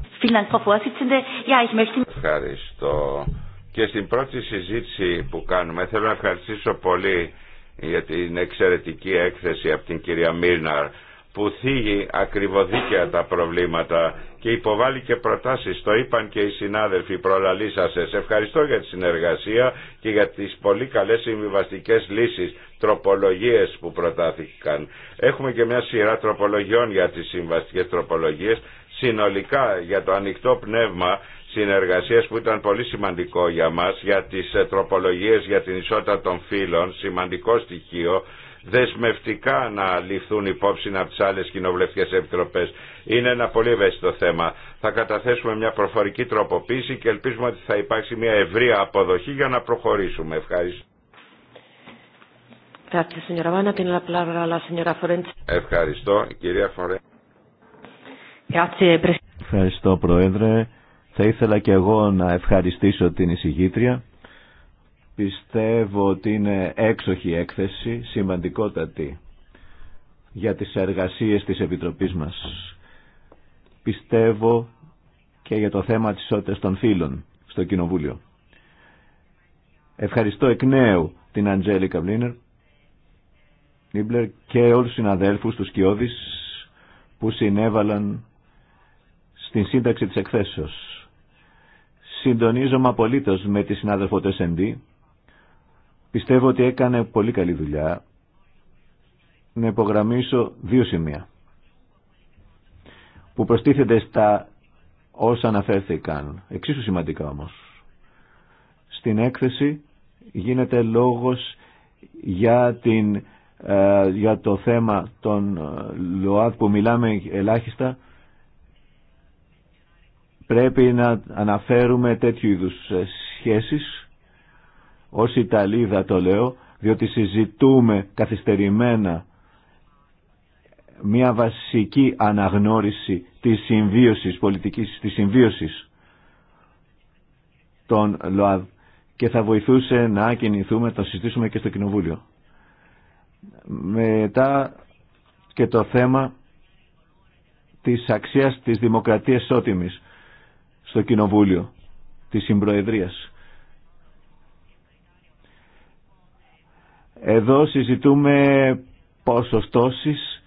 Ευχαριστώ. Και στην πρώτη συζήτηση που κάνουμε θέλω να ευχαριστήσω πολύ για την εξαιρετική έκθεση από την κυρία Μίρναρ που θίγει ακριβοδίκαια τα προβλήματα και υποβάλλει και προτάσεις. Το είπαν και οι συνάδελφοι προλαλήσασες. Ευχαριστώ για τη συνεργασία και για τις πολύ καλές συμβιβαστικές λύσεις τροπολογίες που προτάθηκαν. Έχουμε και μια σειρά τροπολογιών για τις συμβαστικές τροπολογίες, συνολικά για το ανοιχτό πνεύμα συνεργασίες που ήταν πολύ σημαντικό για μας, για τις ε, τροπολογίες για την ισότητα των φύλων, σημαντικό στοιχείο, δεσμευτικά να ληφθούν υπόψη από τι άλλε κοινοβουλευτικές επιτροπέ. Είναι ένα πολύ ευαίσθητο θέμα. Θα καταθέσουμε μια προφορική τροποποίηση και ελπίζουμε ότι θα υπάρξει μια ευρία αποδοχή για να προχωρήσουμε. Ευχαριστώ. Ευχαριστώ, κυρία Φορέ. Ευχαριστώ, Πρόεδρε. Θα ήθελα και εγώ να ευχαριστήσω την εισηγήτρια. Πιστεύω ότι είναι έξοχη έκθεση, σημαντικότατη για τις εργασίες της Επιτροπής μας. Πιστεύω και για το θέμα της ισότητας των φίλων στο Κοινοβούλιο. Ευχαριστώ εκ νέου την Αντζέλικα Βλίνερ Νίμπλερ και όλους τους συναδέλφους, του Σκιώδης που συνέβαλαν στην σύνταξη της εκθέσεως. Συντονίζομαι απολύτω με τη συνάδελφο του SND. Πιστεύω ότι έκανε πολύ καλή δουλειά. Να υπογραμμίσω δύο σημεία που προστίθεται στα όσα αναφέρθηκαν. Εξίσου σημαντικά όμως. Στην έκθεση γίνεται λόγος για την ε, για το θέμα των ε, ΛΟΑΤ που μιλάμε ελάχιστα πρέπει να αναφέρουμε τέτοιου είδους ε, σχέσεις ως Ιταλίδα το λέω διότι συζητούμε καθυστερημένα μια βασική αναγνώριση της συμβίωσης πολιτικής, της συμβίωσης των ΛΟΑΔ και θα βοηθούσε να κινηθούμε, το συζητήσουμε και στο Κοινοβούλιο. Μετά και το θέμα της αξίας της δημοκρατίας ότιμης στο Κοινοβούλιο, της Συμπροεδρίας. Εδώ συζητούμε ποσοστώσεις.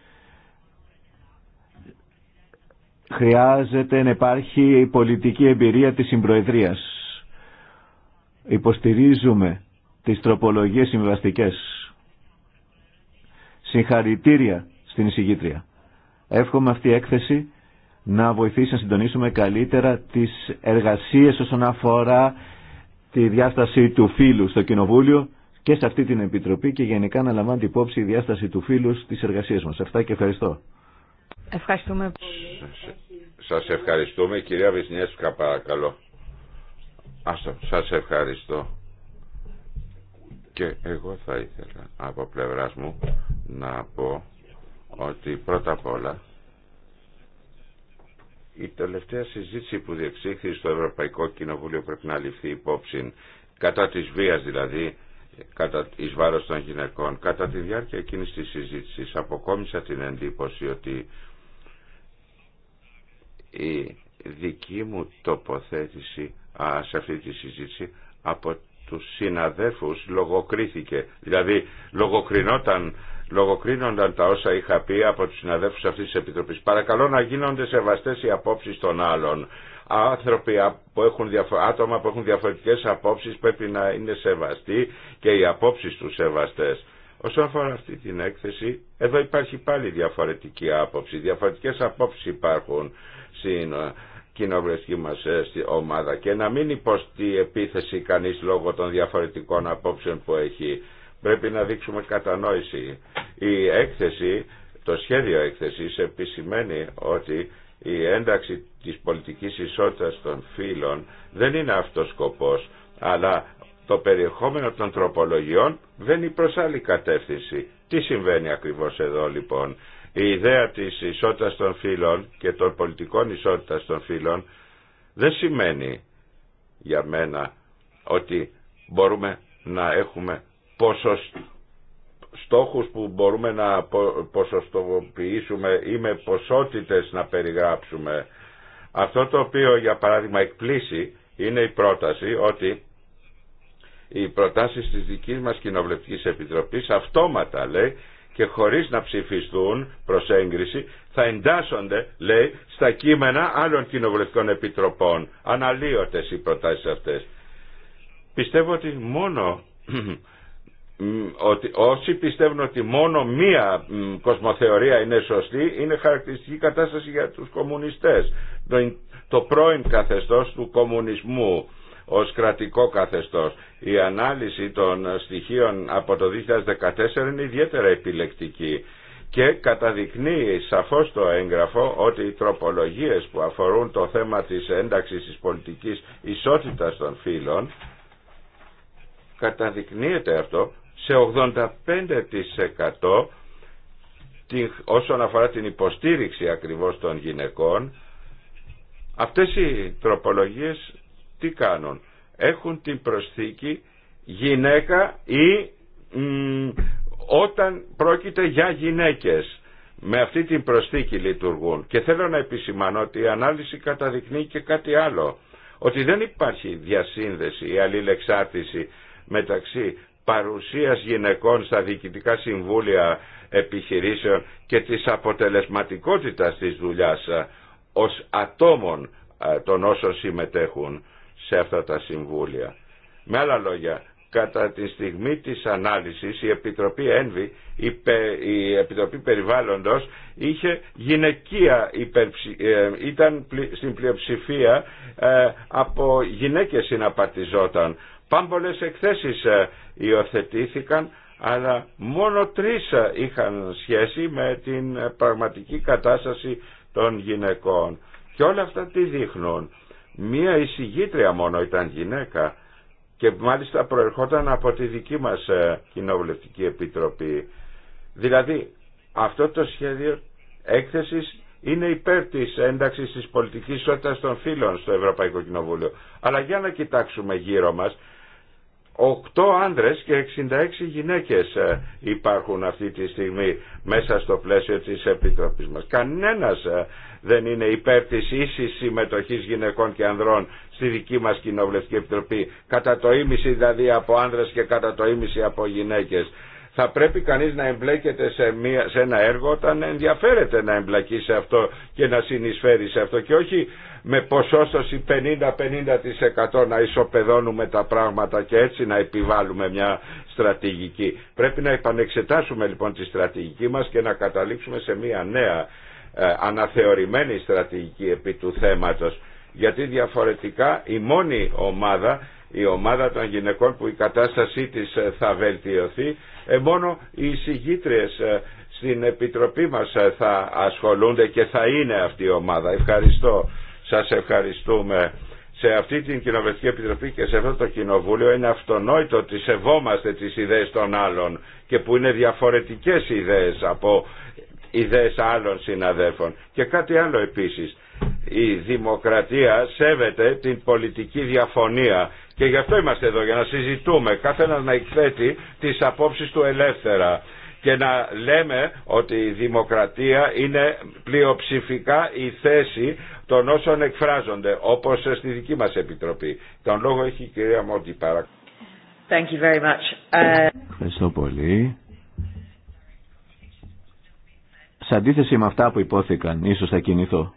Χρειάζεται να υπάρχει η πολιτική εμπειρία της Συμπροεδρίας. Υποστηρίζουμε τις τροπολογίες συμβαστικές Συγχαρητήρια στην εισηγήτρια. Εύχομαι αυτή η έκθεση να βοηθήσει να συντονίσουμε καλύτερα τις εργασίες όσον αφορά τη διάσταση του φύλου στο Κοινοβούλιο και σε αυτή την Επιτροπή και γενικά να λαμβάνει υπόψη η διάσταση του φύλου στις εργασίες μας. Αυτά και ευχαριστώ. Ευχαριστούμε Σας ευχαριστούμε. Κυρία Βυσνιέσκα παρακαλώ. Σας ευχαριστώ. Και εγώ θα ήθελα από πλευράς μου να πω ότι πρώτα απ' όλα η τελευταία συζήτηση που διεξήχθη στο Ευρωπαϊκό Κοινοβούλιο πρέπει να ληφθεί υπόψη κατά της βίας δηλαδή κατά εις βάρος των γυναικών κατά τη διάρκεια εκείνης της συζήτησης αποκόμισα την εντύπωση ότι η δική μου τοποθέτηση σε αυτή τη συζήτηση από τους συναδέφους λογοκρίθηκε. Δηλαδή λογοκρινόταν, λογοκρίνονταν τα όσα είχα πει από τους συναδέφους αυτής της Επιτροπής. Παρακαλώ να γίνονται σεβαστές οι απόψεις των άλλων. Άνθρωποι που έχουν άτομα που έχουν διαφορετικές απόψεις πρέπει να είναι σεβαστοί και οι απόψεις τους σεβαστές. Όσον αφορά αυτή την έκθεση, εδώ υπάρχει πάλι διαφορετική άποψη. Διαφορετικές απόψεις υπάρχουν στην κοινοβουλευτική μας ε, ομάδα και να μην υποστεί επίθεση κανεί λόγω των διαφορετικών απόψεων που έχει. Πρέπει να δείξουμε κατανόηση. Η έκθεση, το σχέδιο έκθεση, επισημαίνει ότι η ένταξη της πολιτικής ισότητας των φύλων δεν είναι αυτός σκοπός, αλλά το περιεχόμενο των τροπολογιών δεν είναι προς άλλη κατεύθυνση. Τι συμβαίνει ακριβώς εδώ λοιπόν η ιδέα της ισότητας των φύλων και των πολιτικών ισότητας των φύλων δεν σημαίνει για μένα ότι μπορούμε να έχουμε ποσοσ... στόχους που μπορούμε να ποσοστοποιήσουμε ή με ποσότητες να περιγράψουμε. Αυτό το οποίο για παράδειγμα εκπλήσει είναι η πρόταση ότι οι προτάσεις της δικής μας Κοινοβουλευτικής Επιτροπής αυτόματα λέει και χωρίς να ψηφιστούν προς έγκριση θα εντάσσονται, λέει, στα κείμενα άλλων κοινοβουλευτικών επιτροπών. Αναλύωτες οι προτάσεις αυτές. Πιστεύω ότι μόνο ότι όσοι πιστεύουν ότι μόνο μία κοσμοθεωρία είναι σωστή είναι χαρακτηριστική κατάσταση για τους κομμουνιστές το πρώην καθεστώς του κομμουνισμού ως κρατικό καθεστώς. Η ανάλυση των στοιχείων από το 2014 είναι ιδιαίτερα επιλεκτική και καταδεικνύει σαφώς το έγγραφο ότι οι τροπολογίες που αφορούν το θέμα της ένταξης της πολιτικής ισότητας των φύλων καταδεικνύεται αυτό σε 85% όσον αφορά την υποστήριξη ακριβώς των γυναικών αυτές οι τροπολογίες τι κάνουν. Έχουν την προσθήκη γυναίκα ή μ, όταν πρόκειται για γυναίκες. Με αυτή την προσθήκη λειτουργούν. Και θέλω να επισημανώ ότι η οταν προκειται για γυναικες καταδεικνύει και κάτι άλλο. Ότι δεν υπάρχει διασύνδεση ή αλληλεξάρτηση μεταξύ παρουσίας γυναικών στα διοικητικά συμβούλια επιχειρήσεων και της αποτελεσματικότητας της δουλειάς ε, ως ατόμων ε, των όσων συμμετέχουν σε αυτά τα συμβούλια. Με άλλα λόγια, κατά τη στιγμή της ανάλυσης η Επιτροπή ΕΝΒΗ, η, Επιτροπή Περιβάλλοντος είχε γυναικεία ε, ήταν στην πλειοψηφία ε, από γυναίκες συναπαρτιζόταν. Πάμπολες εκθέσεις ε, υιοθετήθηκαν αλλά μόνο τρεις είχαν σχέση με την πραγματική κατάσταση των γυναικών. Και όλα αυτά τι δείχνουν Μία εισηγήτρια μόνο ήταν γυναίκα και μάλιστα προερχόταν από τη δική μας ε, κοινοβουλευτική επιτροπή. Δηλαδή αυτό το σχέδιο έκθεσης είναι υπέρ της ένταξης της πολιτικής ισότητας των φίλων στο Ευρωπαϊκό Κοινοβούλιο. Αλλά για να κοιτάξουμε γύρω μας, 8 άνδρες και 66 γυναίκες ε, υπάρχουν αυτή τη στιγμή μέσα στο πλαίσιο της Επιτροπής μας. Ε, δεν είναι υπέρ της ίσης συμμετοχής γυναικών και ανδρών στη δική μας Κοινοβουλευτική Επιτροπή, κατά το ίμιση δηλαδή από άνδρες και κατά το ίμιση από γυναίκες. Θα πρέπει κανείς να εμπλέκεται σε, ένα έργο όταν ενδιαφέρεται να εμπλακεί σε αυτό και να συνεισφέρει σε αυτό και όχι με ποσόστοση 50-50% να ισοπεδώνουμε τα πράγματα και έτσι να επιβάλλουμε μια στρατηγική. Πρέπει να επανεξετάσουμε λοιπόν τη στρατηγική μας και να καταλήξουμε σε μια νέα ε, αναθεωρημένη στρατηγική επί του θέματος γιατί διαφορετικά η μόνη ομάδα η ομάδα των γυναικών που η κατάστασή της ε, θα βελτιωθεί ε, μόνο οι εισηγήτριες στην Επιτροπή μας θα ασχολούνται και θα είναι αυτή η ομάδα. Ευχαριστώ. Σας ευχαριστούμε. Σε αυτή την Κοινοβουλευτική Επιτροπή και σε αυτό το Κοινοβούλιο είναι αυτονόητο ότι σεβόμαστε τις ιδέες των άλλων και που είναι διαφορετικές ιδέες από ιδέες άλλων συναδέλφων. Και κάτι άλλο επίσης. Η δημοκρατία σέβεται την πολιτική διαφωνία και γι' αυτό είμαστε εδώ, για να συζητούμε, κάθε να εκθέτει τις απόψεις του ελεύθερα και να λέμε ότι η δημοκρατία είναι πλειοψηφικά η θέση των όσων εκφράζονται, όπως στη δική μας Επιτροπή. Τον λόγο έχει η κυρία Μόντι ε, Ευχαριστώ πολύ σε αντίθεση με αυτά που υπόθηκαν, ίσως θα κινηθώ.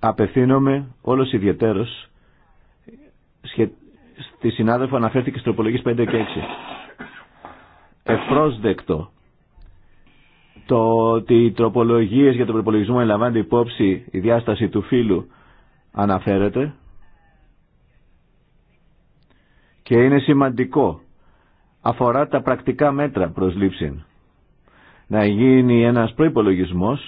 Απευθύνομαι όλος ιδιαιτέρως στη συνάδελφο αναφέρθηκε υπολογής 5 και 6. Ευπρόσδεκτο το ότι οι τροπολογίες για τον προπολογισμό ελαμβάνεται υπόψη η διάσταση του φύλου αναφέρεται και είναι σημαντικό. Αφορά τα πρακτικά μέτρα προσλήψη να γίνει ένας προϋπολογισμός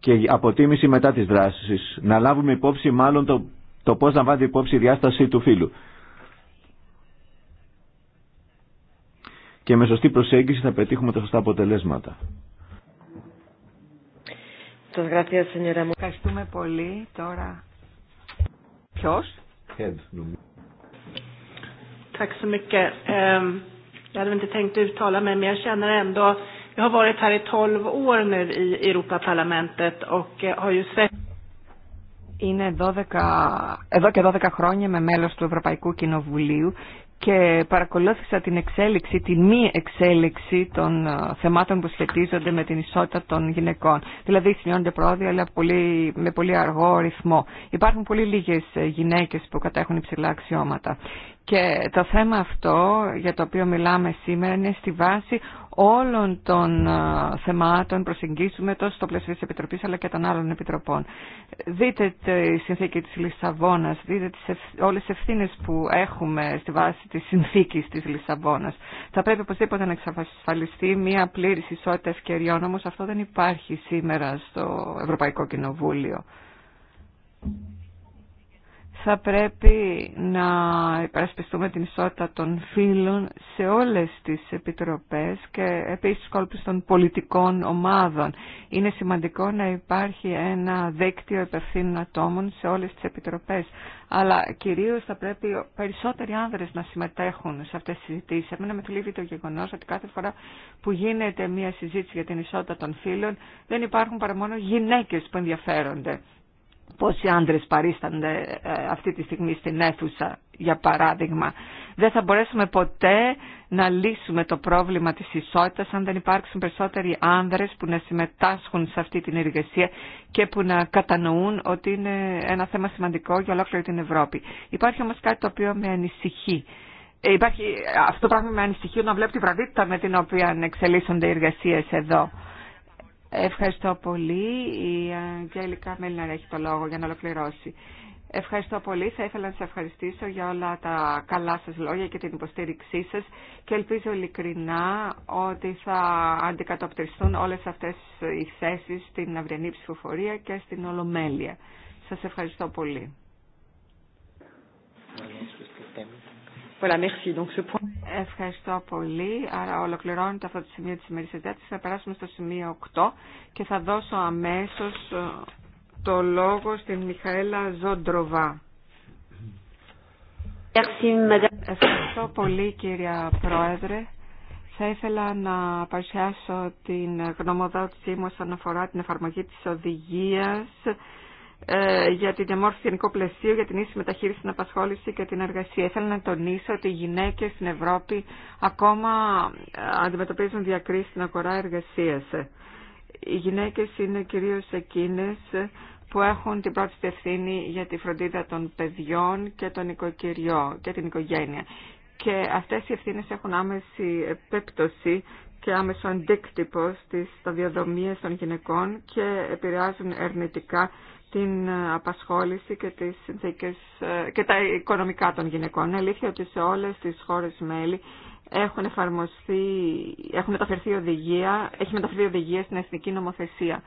και αποτίμηση μετά τις δράσεις. Να λάβουμε υπόψη μάλλον το, το πώς βάλει υπόψη η διάσταση του φύλου. Και με σωστή προσέγγιση θα πετύχουμε τα σωστά αποτελέσματα. Ευχαριστούμε πολύ. Τώρα... Ποιος? Head, Jag hade inte tänkt uttala mig, men jag känner ändå... Jag har varit här i tolv år nu i Europaparlamentet och eh, har ju sett... Είναι 12, εδώ και 12 χρόνια με μέλος του Ευρωπαϊκού Κοινοβουλίου και παρακολούθησα την εξέλιξη, τη μη εξέλιξη των ε, θεμάτων που σχετίζονται με την ισότητα των γυναικών. Δηλαδή σημειώνονται πρόοδοι αλλά πολύ, με πολύ αργό ρυθμό. Υπάρχουν πολύ λίγες ε, γυναίκες που κατέχουν υψηλά αξιώματα. Και το θέμα αυτό για το οποίο μιλάμε σήμερα είναι στη βάση όλων των ε, θεμάτων προσεγγίσουμε τόσο στο πλαίσιο της Επιτροπής αλλά και των άλλων Επιτροπών. Δείτε τη συνθήκη της Λισαβόνας, δείτε τις ευ... όλες τις ευθύνες που έχουμε στη βάση της συνθήκης της Λισαβόνας. Θα πρέπει οπωσδήποτε να εξασφαλιστεί μια πλήρης ισότητα ευκαιριών, όμως αυτό δεν υπάρχει σήμερα στο Ευρωπαϊκό Κοινοβούλιο θα πρέπει να υπερασπιστούμε την ισότητα των φίλων σε όλες τις επιτροπές και επίσης κόλπους των πολιτικών ομάδων. Είναι σημαντικό να υπάρχει ένα δέκτυο υπευθύνων ατόμων σε όλες τις επιτροπές. Αλλά κυρίως θα πρέπει περισσότεροι άνδρες να συμμετέχουν σε αυτές τις συζητήσεις. Εμένα με θλίβει το γεγονός ότι κάθε φορά που γίνεται μια συζήτηση για την ισότητα των φίλων δεν υπάρχουν παρά μόνο γυναίκες που ενδιαφέρονται πόσοι άντρε παρίστανται ε, αυτή τη στιγμή στην αίθουσα, για παράδειγμα. Δεν θα μπορέσουμε ποτέ να λύσουμε το πρόβλημα της ισότητας αν δεν υπάρξουν περισσότεροι άνδρες που να συμμετάσχουν σε αυτή την εργασία και που να κατανοούν ότι είναι ένα θέμα σημαντικό για ολόκληρη την Ευρώπη. Υπάρχει όμως κάτι το οποίο με ανησυχεί. Ε, υπάρχει, αυτό το πράγμα με ανησυχεί να βλέπω τη βραδύτητα με την οποία εξελίσσονται οι εργασίες εδώ. Ευχαριστώ πολύ. Η Αγγέλικα Μέλιναρ έχει το λόγο για να ολοκληρώσει. Ευχαριστώ πολύ. Θα ήθελα να σας ευχαριστήσω για όλα τα καλά σας λόγια και την υποστήριξή σας και ελπίζω ειλικρινά ότι θα αντικατοπτριστούν όλες αυτές οι θέσεις στην αυριανή ψηφοφορία και στην Ολομέλεια. Σας ευχαριστώ πολύ. Ευχαριστώ πολύ. Άρα ολοκληρώνεται αυτό το σημείο της σημερινής συζήτησης. Θα περάσουμε στο σημείο 8 και θα δώσω αμέσως ε, το λόγο στην Μιχαέλα Ζοντροβά. Ευχαριστώ πολύ κύριε Πρόεδρε. Θα ήθελα να παρουσιάσω την γνωμοδότησή μου όσον αφορά την εφαρμογή της οδηγίας ε, για την διαμόρφωση γενικού πλαισίου για την ίση μεταχείριση στην απασχόληση και την εργασία. Ήθελα να τονίσω ότι οι γυναίκε στην Ευρώπη ακόμα ε, αντιμετωπίζουν διακρίσει στην αγορά εργασία. Οι γυναίκε είναι κυρίω εκείνε που έχουν την πρώτη ευθύνη για τη φροντίδα των παιδιών και των οικοκυριό και την οικογένεια. Και αυτές οι ευθύνες έχουν άμεση επέπτωση και άμεσο αντίκτυπο στις σταδιοδομίες των γυναικών και επηρεάζουν αρνητικά την απασχόληση και, τις συνθήκες, ε, και τα οικονομικά των γυναικών. Είναι ότι σε όλες τις χώρες μέλη έχουν εφαρμοστεί, έχουν μεταφερθεί οδηγία, έχει μεταφερθεί οδηγία στην εθνική νομοθεσία.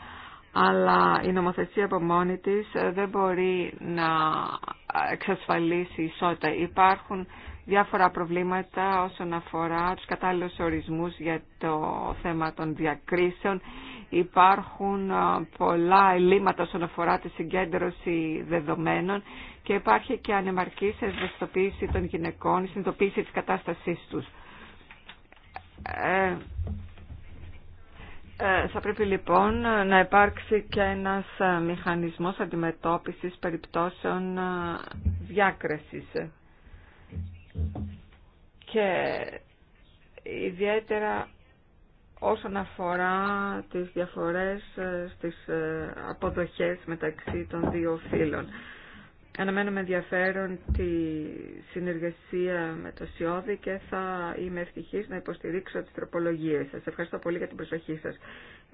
Αλλά η νομοθεσία από μόνη της ε, δεν μπορεί να εξασφαλίσει ισότητα. Υπάρχουν διάφορα προβλήματα όσον αφορά τους κατάλληλους ορισμούς για το θέμα των διακρίσεων υπάρχουν πολλά ελλείμματα όσον αφορά τη συγκέντρωση δεδομένων και υπάρχει και σε ευαισθητοποίηση των γυναικών, η συνειδητοποίηση της κατάστασής τους. Ε, ε θα πρέπει λοιπόν να υπάρξει και ένας ε, μηχανισμός αντιμετώπισης περιπτώσεων διάκρεσης Και ιδιαίτερα όσον αφορά τις διαφορές ε, στις ε, αποδοχές μεταξύ των δύο φύλων. με ενδιαφέρον τη συνεργασία με το Σιώδη και θα είμαι ευτυχής να υποστηρίξω τις τροπολογίες σας. Ευχαριστώ πολύ για την προσοχή σας.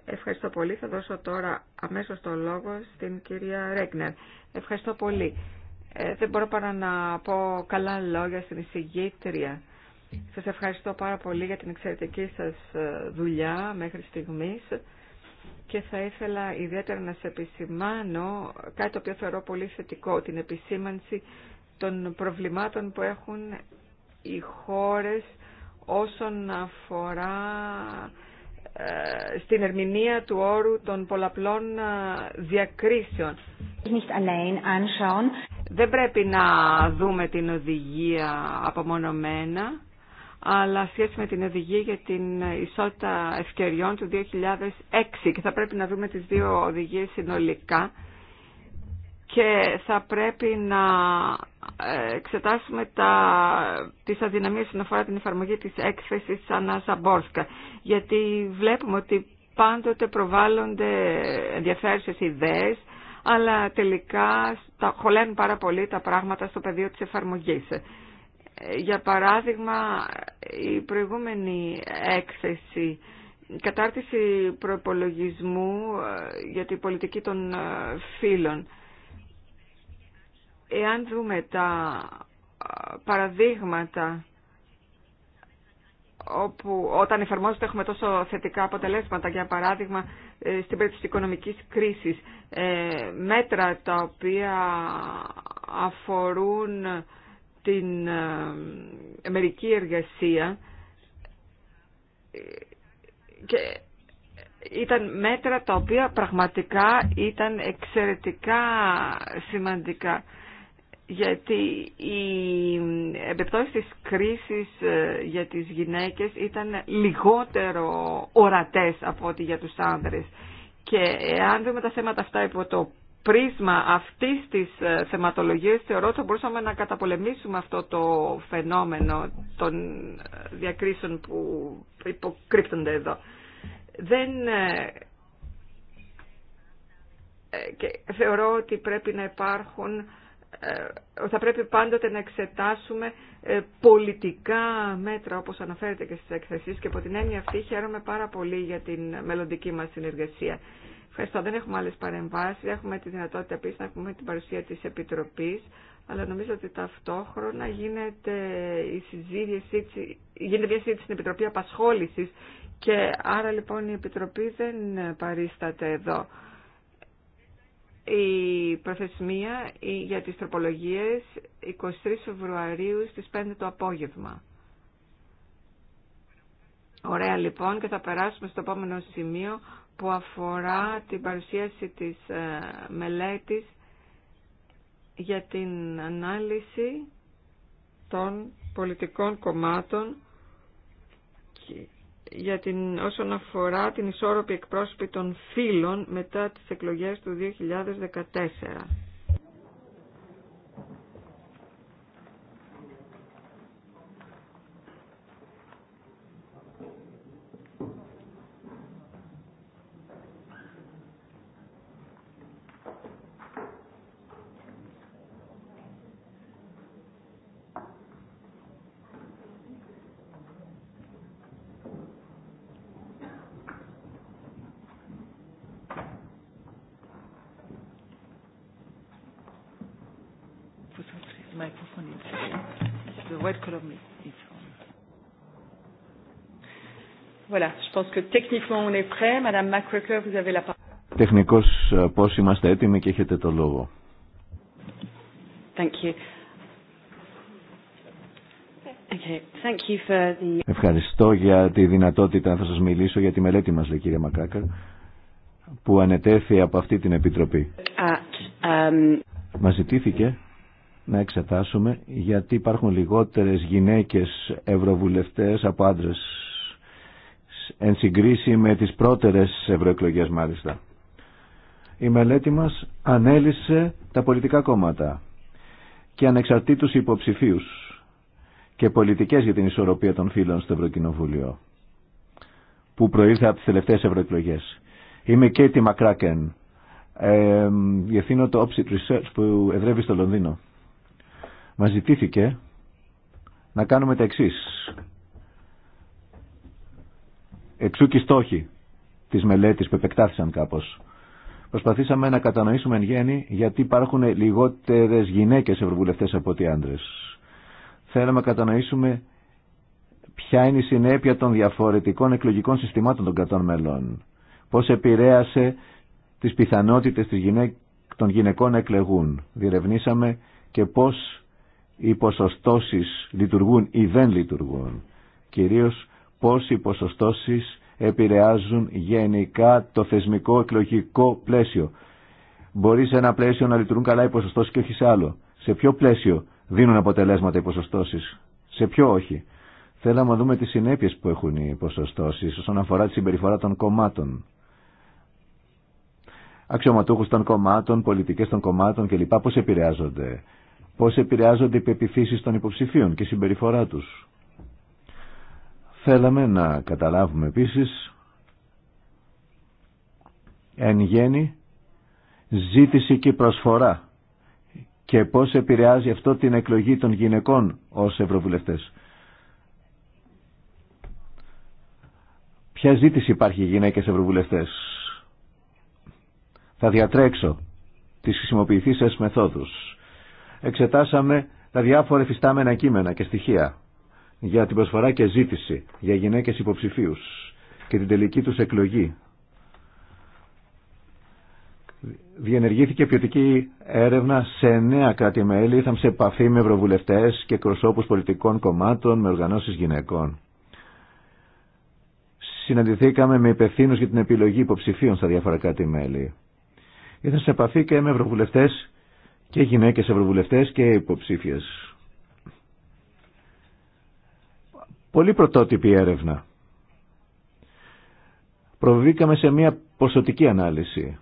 Ευχαριστώ πολύ. Θα δώσω τώρα αμέσως το λόγο στην κυρία Ρέγνερ. Ευχαριστώ πολύ. Ε, δεν μπορώ παρά να πω καλά λόγια στην εισηγήτρια σας ευχαριστώ πάρα πολύ για την εξαιρετική σας ε, δουλειά μέχρι στιγμής και θα ήθελα ιδιαίτερα να σε επισημάνω κάτι το οποίο θεωρώ πολύ θετικό, την επισήμανση των προβλημάτων που έχουν οι χώρες όσον αφορά ε, στην ερμηνεία του όρου των πολλαπλών ε, διακρίσεων. Δεν πρέπει να δούμε την οδηγία απομονωμένα αλλά σχέση με την οδηγία για την ισότητα ευκαιριών του 2006 και θα πρέπει να δούμε τις δύο οδηγίες συνολικά και θα πρέπει να ε, εξετάσουμε τα, τις αδυναμίες όσον αφορά την εφαρμογή της έκθεσης σαν Ζαμπόρσκα γιατί βλέπουμε ότι πάντοτε προβάλλονται ενδιαφέρουσες ιδέες αλλά τελικά χωλένουν πάρα πολύ τα πράγματα στο πεδίο της εφαρμογής. Ε, για παράδειγμα, η προηγούμενη έκθεση κατάρτιση προπολογισμού ε, για την πολιτική των ε, φύλων. Εάν δούμε τα παραδείγματα όπου όταν εφαρμόζεται έχουμε τόσο θετικά αποτελέσματα, για παράδειγμα στην περίπτωση της οικονομικής κρίσης, μέτρα τα οποία αφορούν την ε, μερική εργασία και ήταν μέτρα τα οποία πραγματικά ήταν εξαιρετικά σημαντικά γιατί οι επιπτώσεις της κρίσης ε, για τις γυναίκες ήταν λιγότερο ορατές από ό,τι για τους άνδρες. Και αν δούμε τα θέματα αυτά υπό το πρίσμα αυτής της ε, θεματολογίας θεωρώ ότι θα μπορούσαμε να καταπολεμήσουμε αυτό το φαινόμενο των ε, διακρίσεων που υποκρύπτονται εδώ. Δεν... Ε, και θεωρώ ότι πρέπει να υπάρχουν θα πρέπει πάντοτε να εξετάσουμε πολιτικά μέτρα όπως αναφέρεται και στις εκθεσίες και από την έννοια αυτή χαίρομαι πάρα πολύ για την μελλοντική μας συνεργασία. Ευχαριστώ. Δεν έχουμε άλλε παρεμβάσει. Έχουμε τη δυνατότητα επίση να έχουμε την παρουσία της Επιτροπής. Αλλά νομίζω ότι ταυτόχρονα γίνεται, η συζήτηση, γίνεται μια συζήτηση στην Επιτροπή απασχόληση και άρα λοιπόν η Επιτροπή δεν παρίσταται εδώ. Η προθεσμία για τις τροπολογίες 23 Φεβρουαρίου στις 5 το απόγευμα. Ωραία λοιπόν και θα περάσουμε στο επόμενο σημείο που αφορά την παρουσίαση της ε, μελέτης για την ανάλυση των πολιτικών κομμάτων και για την, όσον αφορά την ισόρροπη εκπρόσωπη των φύλων μετά τις εκλογές του 2014. pense que πώς είμαστε έτοιμοι και έχετε το λόγο. Thank you. Ευχαριστώ για τη δυνατότητα να σας μιλήσω για τη μελέτη μας, λέει κύριε Μακάκαρ, που ανετέθη από αυτή την Επιτροπή. At, um... Μας ζητήθηκε να εξετάσουμε γιατί υπάρχουν λιγότερες γυναίκες ευρωβουλευτές από άντρες εν συγκρίση με τις πρώτερες ευρωεκλογές μάλιστα. Η μελέτη μας ανέλησε τα πολιτικά κόμματα και ανεξαρτήτους υποψηφίους και πολιτικές για την ισορροπία των φύλων στο Ευρωκοινοβούλιο που προήλθε από τις τελευταίες ευρωεκλογές. Είμαι Κέιτι Μακράκεν, ε, διευθύνω το Opsit Research που εδρεύει στο Λονδίνο. Μας ζητήθηκε να κάνουμε τα εξής. Εξού και οι στόχοι της μελέτης που επεκτάθησαν κάπω. Προσπαθήσαμε να κατανοήσουμε εν γέννη γιατί υπάρχουν λιγότερες γυναίκες ευρωβουλευτέ από ότι άντρε. Θέλαμε να κατανοήσουμε ποια είναι η συνέπεια των διαφορετικών εκλογικών συστημάτων των κρατών μελών. Πώς επηρέασε τις πιθανότητες των γυναικών να εκλεγούν. Διερευνήσαμε και πώ οι ποσοστώσει λειτουργούν ή δεν λειτουργούν. κυρίω πώς οι ποσοστώσεις επηρεάζουν γενικά το θεσμικό εκλογικό πλαίσιο. Μπορεί σε ένα πλαίσιο να λειτουργούν καλά οι ποσοστώσεις και όχι σε άλλο. Σε ποιο πλαίσιο δίνουν αποτελέσματα οι ποσοστώσεις, σε ποιο όχι. Θέλαμε να δούμε τις συνέπειες που έχουν οι ποσοστώσεις όσον αφορά τη συμπεριφορά των κομμάτων. Αξιωματούχους των κομμάτων, πολιτικές των κομμάτων κλπ. Πώς επηρεάζονται. πώ επηρεάζονται οι πεπιθήσεις των υποψηφίων και η συμπεριφορά του. Θέλαμε να καταλάβουμε επίσης εν γέννη ζήτηση και προσφορά και πώς επηρεάζει αυτό την εκλογή των γυναικών ως ευρωβουλευτές. Ποια ζήτηση υπάρχει γυναίκες ευρωβουλευτές. Θα διατρέξω τις χρησιμοποιηθήσεις μεθόδους. Εξετάσαμε τα διάφορα εφιστάμενα κείμενα και στοιχεία για την προσφορά και ζήτηση για γυναίκες υποψηφίους και την τελική τους εκλογή. Διενεργήθηκε ποιοτική έρευνα σε νέα κράτη-μέλη, ήρθαμε σε επαφή με ευρωβουλευτές και κροσόπους πολιτικών κομμάτων, με οργανώσεις γυναικών. Συναντηθήκαμε με υπευθύνου για την επιλογή υποψηφίων στα διάφορα κράτη-μέλη. Ήρθαμε σε επαφή και με ευρωβουλευτές και γυναίκες ευρωβουλευτές και υποψήφιες. Πολύ πρωτότυπη έρευνα. Προβήκαμε σε μια ποσοτική ανάλυση.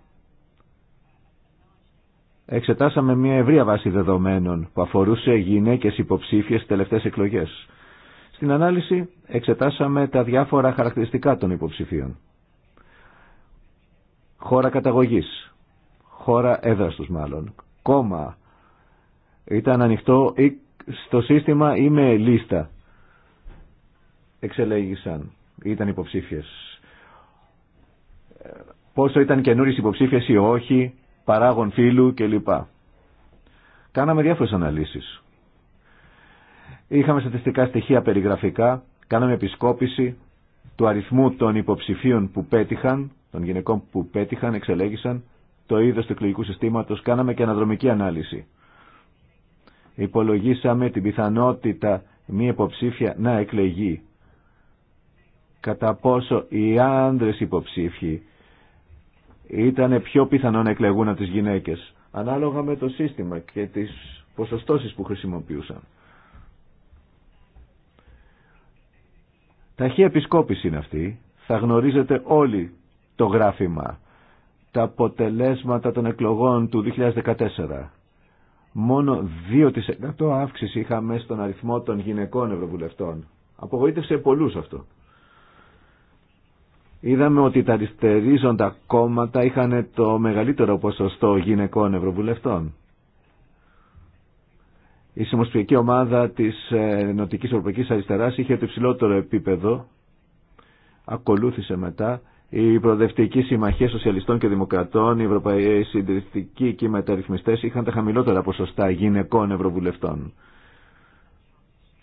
Εξετάσαμε μια ευρεία βάση δεδομένων που αφορούσε γυναίκες υποψήφιες τελευταίες εκλογές. Στην ανάλυση εξετάσαμε τα διάφορα χαρακτηριστικά των υποψηφίων. Χώρα καταγωγής, χώρα έδρας μάλλον, κόμμα, ήταν ανοιχτό στο σύστημα ή με λίστα εξελέγησαν, ήταν υποψήφιες. Πόσο ήταν καινούριε υποψήφιες ή όχι, παράγων φύλου κλπ. Κάναμε διάφορες αναλύσεις. Είχαμε στατιστικά στοιχεία περιγραφικά, κάναμε επισκόπηση του αριθμού των υποψηφίων που πέτυχαν, των γυναικών που πέτυχαν, εξελέγησαν, το είδος του εκλογικού συστήματος, κάναμε και αναδρομική ανάλυση. Υπολογίσαμε την πιθανότητα μία υποψήφια να εκλεγεί κατά πόσο οι άνδρες υποψήφοι ήταν πιο πιθανό να εκλεγούν από τις γυναίκες, ανάλογα με το σύστημα και τις ποσοστώσεις που χρησιμοποιούσαν. Ταχεία επισκόπηση είναι αυτή, θα γνωρίζετε όλοι το γράφημα, τα αποτελέσματα των εκλογών του 2014. Μόνο 2% αύξηση είχαμε στον αριθμό των γυναικών ευρωβουλευτών. Απογοήτευσε πολλούς αυτό. Είδαμε ότι τα αριστερίζοντα κόμματα είχαν το μεγαλύτερο ποσοστό γυναικών ευρωβουλευτών. Η Συμμοσπιακή Ομάδα της ε, Νοτικής Ευρωπαϊκής Αριστεράς είχε το υψηλότερο επίπεδο. Ακολούθησε μετά η Προοδευτική Συμμαχία Σοσιαλιστών και Δημοκρατών, οι Ευρωπαϊκοί Συντηρητικοί και οι Μεταρρυθμιστές είχαν τα χαμηλότερα ποσοστά γυναικών ευρωβουλευτών.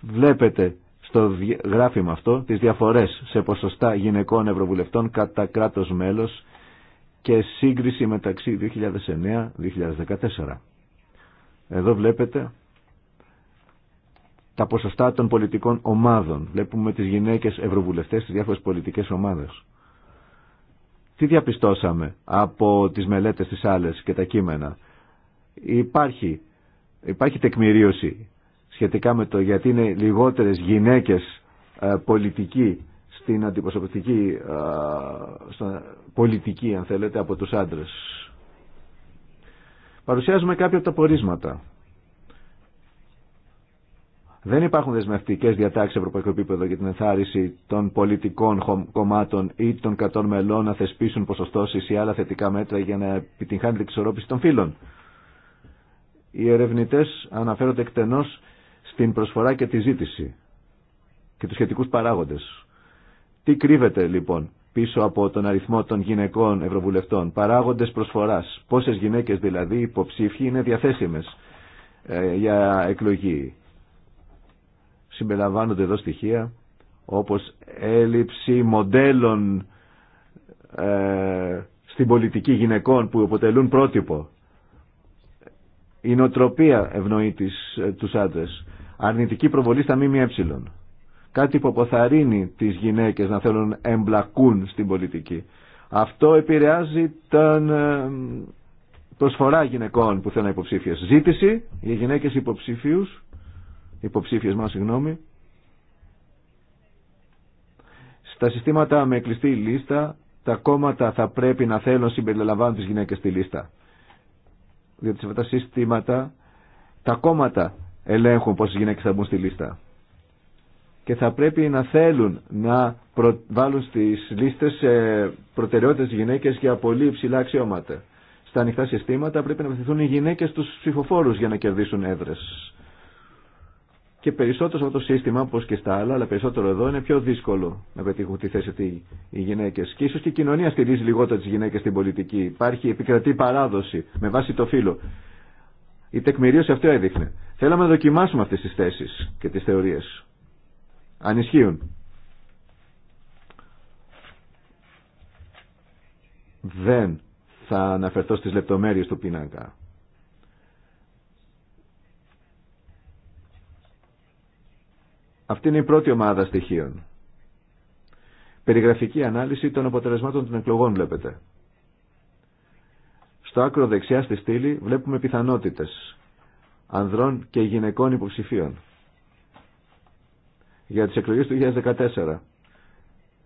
Βλέπετε στο γράφημα αυτό τις διαφορές σε ποσοστά γυναικών ευρωβουλευτών κατά κράτος μέλος και σύγκριση μεταξύ 2009-2014. Εδώ βλέπετε τα ποσοστά των πολιτικών ομάδων. Βλέπουμε τις γυναίκες ευρωβουλευτές στις διάφορες πολιτικές ομάδες. Τι διαπιστώσαμε από τις μελέτες τις άλλες και τα κείμενα. Υπάρχει, υπάρχει τεκμηρίωση σχετικά με το γιατί είναι λιγότερες γυναίκες ε, πολιτικοί στην αντιπροσωπευτική ε, πολιτική αν θέλετε από τους άντρες. Παρουσιάζουμε κάποια από τα πορίσματα. Δεν υπάρχουν δεσμευτικέ διατάξει ευρωπαϊκό επίπεδο για την ενθάρρυνση των πολιτικών κομμάτων ή των κατών μελών να θεσπίσουν ποσοστώσει ή άλλα θετικά μέτρα για να επιτυγχάνει την εξορρόπηση των φύλων. Οι ερευνητέ αναφέρονται εκτενώ την προσφορά και τη ζήτηση και τους σχετικούς παράγοντες. Τι κρύβεται λοιπόν πίσω από τον αριθμό των γυναικών ευρωβουλευτών, παράγοντες προσφοράς, πόσες γυναίκες δηλαδή υποψήφοι είναι διαθέσιμες ε, για εκλογή. Συμπεριλαμβάνονται εδώ στοιχεία όπως έλλειψη μοντέλων ε, στην πολιτική γυναικών που αποτελούν πρότυπο. Η νοτροπία ευνοεί ε, τους άντρες αρνητική προβολή στα ΜΜΕ. Κάτι που αποθαρρύνει τις γυναίκες να θέλουν εμπλακούν στην πολιτική. Αυτό επηρεάζει την ε, προσφορά γυναικών που θέλουν υποψήφιες. Ζήτηση για γυναίκε υποψήφιου. υποψήφιες μας, συγγνώμη, στα συστήματα με κλειστή λίστα, τα κόμματα θα πρέπει να θέλουν συμπεριλαμβάνουν τις γυναίκες στη λίστα. Διότι σε αυτά τα συστήματα, τα κόμματα ελέγχουν πόσε γυναίκε θα μπουν στη λίστα. Και θα πρέπει να θέλουν να βάλουν στις λίστες ε, προτεραιότητε γυναίκε γυναίκες για πολύ υψηλά αξιώματα. Στα ανοιχτά συστήματα πρέπει να βοηθηθούν οι γυναίκε στους ψηφοφόρου για να κερδίσουν έδρε. Και περισσότερο σε αυτό το σύστημα, όπω και στα άλλα, αλλά περισσότερο εδώ, είναι πιο δύσκολο να πετύχουν τη θέση οι γυναίκε. Και ίσω και η κοινωνία στηρίζει λιγότερο τι γυναίκε στην πολιτική. Υπάρχει επικρατή παράδοση με βάση το φύλλο. Η τεκμηρίωση αυτό έδειχνε. Θέλαμε να δοκιμάσουμε αυτές τις θέσεις και τις θεωρίες. Αν Δεν θα αναφερθώ στις λεπτομέρειες του πίνακα. Αυτή είναι η πρώτη ομάδα στοιχείων. Περιγραφική ανάλυση των αποτελεσμάτων των εκλογών βλέπετε. Στο άκρο δεξιά στη στήλη βλέπουμε πιθανότητες ανδρών και γυναικών υποψηφίων για τις εκλογές του 2014.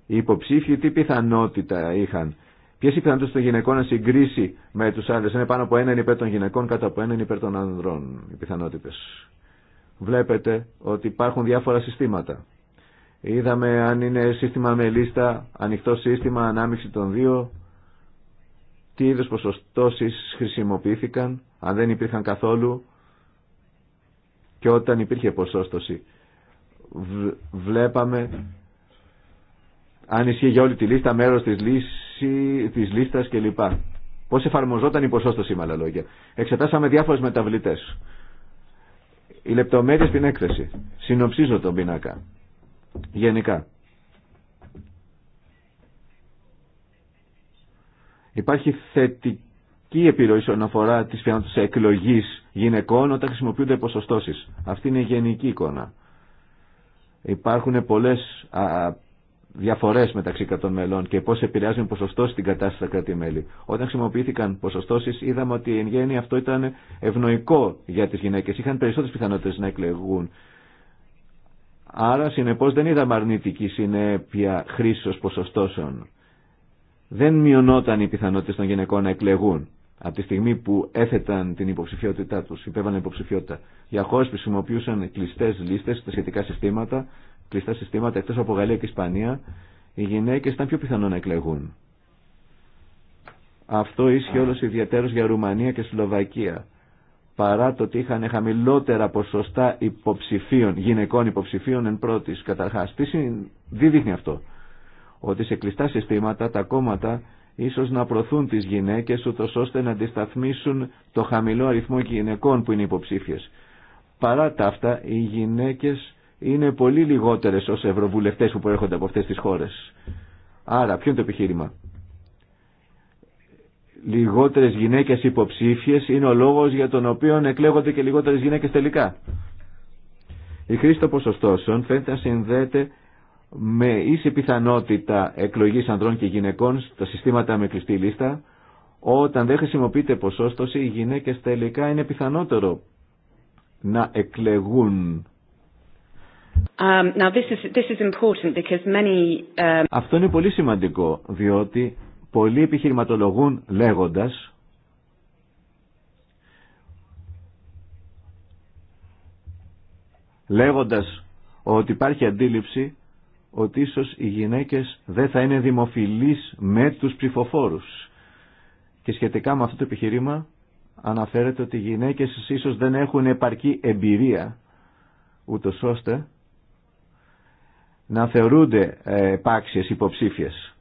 Οι υποψήφοι τι πιθανότητα είχαν. Ποιες οι πιθανότητες των γυναικών να συγκρίσει με τους άντρες. Είναι πάνω από έναν υπέρ των γυναικών, κάτω από έναν υπέρ των ανδρών οι πιθανότητες. Βλέπετε ότι υπάρχουν διάφορα συστήματα. Είδαμε αν είναι σύστημα με λίστα, ανοιχτό σύστημα, ανάμειξη των δύο, τι είδους ποσοστώσεις χρησιμοποιήθηκαν, αν δεν υπήρχαν καθόλου και όταν υπήρχε ποσόστοση. Βλέπαμε αν ισχύει για όλη τη λίστα, μέρος της, λύση, της λίστας κλπ. Πώς εφαρμοζόταν η ποσόστοση με άλλα λόγια. Εξετάσαμε διάφορες μεταβλητές. Οι λεπτομέρειες στην έκθεση. Συνοψίζω τον πίνακα. Γενικά. Υπάρχει θετική επιρροή όσον αφορά τι πιθανότητε εκλογή γυναικών όταν χρησιμοποιούνται ποσοστώσει. Αυτή είναι η γενική εικόνα. Υπάρχουν πολλέ διαφορέ μεταξύ κρατών μελών και πώ επηρεάζουν ποσοστώσει στην κατάσταση στα κράτη-μέλη. Όταν χρησιμοποιήθηκαν ποσοστώσει, είδαμε ότι εν γέννη αυτό ήταν ευνοϊκό για τι γυναίκε. Είχαν περισσότερε πιθανότητε να εκλεγούν. Άρα, συνεπώ, δεν είδαμε αρνητική συνέπεια χρήση ποσοστώσεων δεν μειωνόταν οι πιθανότητε των γυναικών να εκλεγούν από τη στιγμή που έθεταν την υποψηφιότητά του, υπέβαλαν υποψηφιότητα. Για χώρε που χρησιμοποιούσαν κλειστέ λίστε, τα σχετικά συστήματα, κλειστά συστήματα εκτό από Γαλλία και Ισπανία, οι γυναίκε ήταν πιο πιθανό να εκλεγούν. Αυτό ίσχυε όλο ιδιαίτερω για Ρουμανία και Σλοβακία. Παρά το ότι είχαν χαμηλότερα ποσοστά υποψηφίων, γυναικών υποψηφίων εν πρώτη, καταρχά. Τι δείχνει αυτό ότι σε κλειστά συστήματα τα κόμματα ίσως να προθούν τις γυναίκες ούτως ώστε να αντισταθμίσουν το χαμηλό αριθμό γυναικών που είναι υποψήφιες. Παρά τα αυτά, οι γυναίκες είναι πολύ λιγότερες ως ευρωβουλευτές που προέρχονται από αυτές τις χώρες. Άρα, ποιο είναι το επιχείρημα. Λιγότερες γυναίκες υποψήφιες είναι ο λόγος για τον οποίο εκλέγονται και λιγότερες γυναίκες τελικά. Η χρήση των ποσοστώσεων φαίνεται να συνδέεται με ίση πιθανότητα εκλογής ανδρών και γυναικών στα συστήματα με κλειστή λίστα, όταν δεν χρησιμοποιείται ποσόστοση, οι γυναίκες τελικά είναι πιθανότερο να εκλεγούν. Um, now this is, this is important because many, uh, Αυτό είναι πολύ σημαντικό, διότι πολλοί επιχειρηματολογούν λέγοντας λέγοντας ότι υπάρχει αντίληψη ότι ίσως οι γυναίκες δεν θα είναι δημοφιλείς με τους ψηφοφόρους. Και σχετικά με αυτό το επιχειρήμα αναφέρεται ότι οι γυναίκες ίσως δεν έχουν επαρκή εμπειρία ούτως ώστε να θεωρούνται επάξιες υποψήφιες.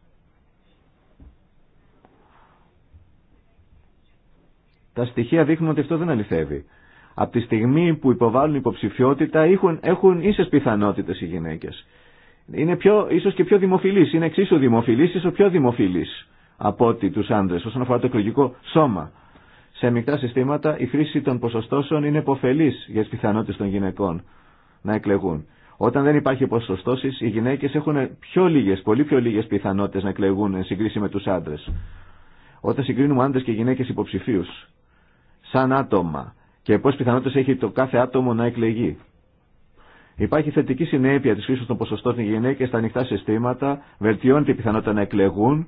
Τα στοιχεία δείχνουν ότι αυτό δεν αληθεύει. Από τη στιγμή που υποβάλλουν υποψηφιότητα έχουν, έχουν ίσες πιθανότητες οι γυναίκες είναι πιο, ίσως και πιο δημοφιλής, είναι εξίσου δημοφιλής, ίσως πιο δημοφιλής από ότι τους άντρες όσον αφορά το εκλογικό σώμα. Σε μικρά συστήματα η χρήση των ποσοστώσεων είναι υποφελής για τις πιθανότητες των γυναικών να εκλεγούν. Όταν δεν υπάρχει ποσοστώσεις, οι γυναίκες έχουν πιο λίγες, πολύ πιο λίγες πιθανότητες να εκλεγούν εν συγκρίση με τους άντρες. Όταν συγκρίνουμε άντρες και γυναίκες υποψηφίους, σαν άτομα, και πόσες πιθανότητες έχει το κάθε άτομο να εκλεγεί. Υπάρχει θετική συνέπεια τη χρήση των ποσοστών στην γυναίκε στα ανοιχτά συστήματα, βελτιώνεται η πιθανότητα να εκλεγούν.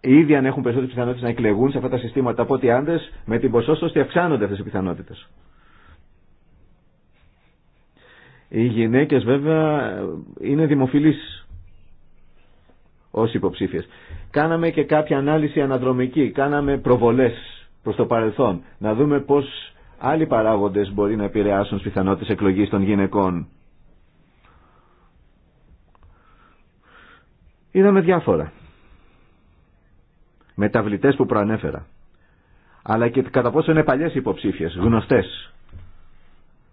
Ήδη αν έχουν περισσότερε πιθανότητε να εκλεγούν σε αυτά τα συστήματα από ότι άντρε, με την ποσόστοση αυξάνονται αυτέ οι πιθανότητε. Οι γυναίκε βέβαια είναι δημοφιλεί ω υποψήφιε. Κάναμε και κάποια ανάλυση αναδρομική, κάναμε προβολέ προ το παρελθόν, να δούμε πώ Άλλοι παράγοντες μπορεί να επηρεάσουν τις πιθανότητες εκλογής των γυναικών. Είδαμε διάφορα. Μεταβλητές που προανέφερα. Αλλά και κατά πόσο είναι παλιές υποψήφιες, γνωστές.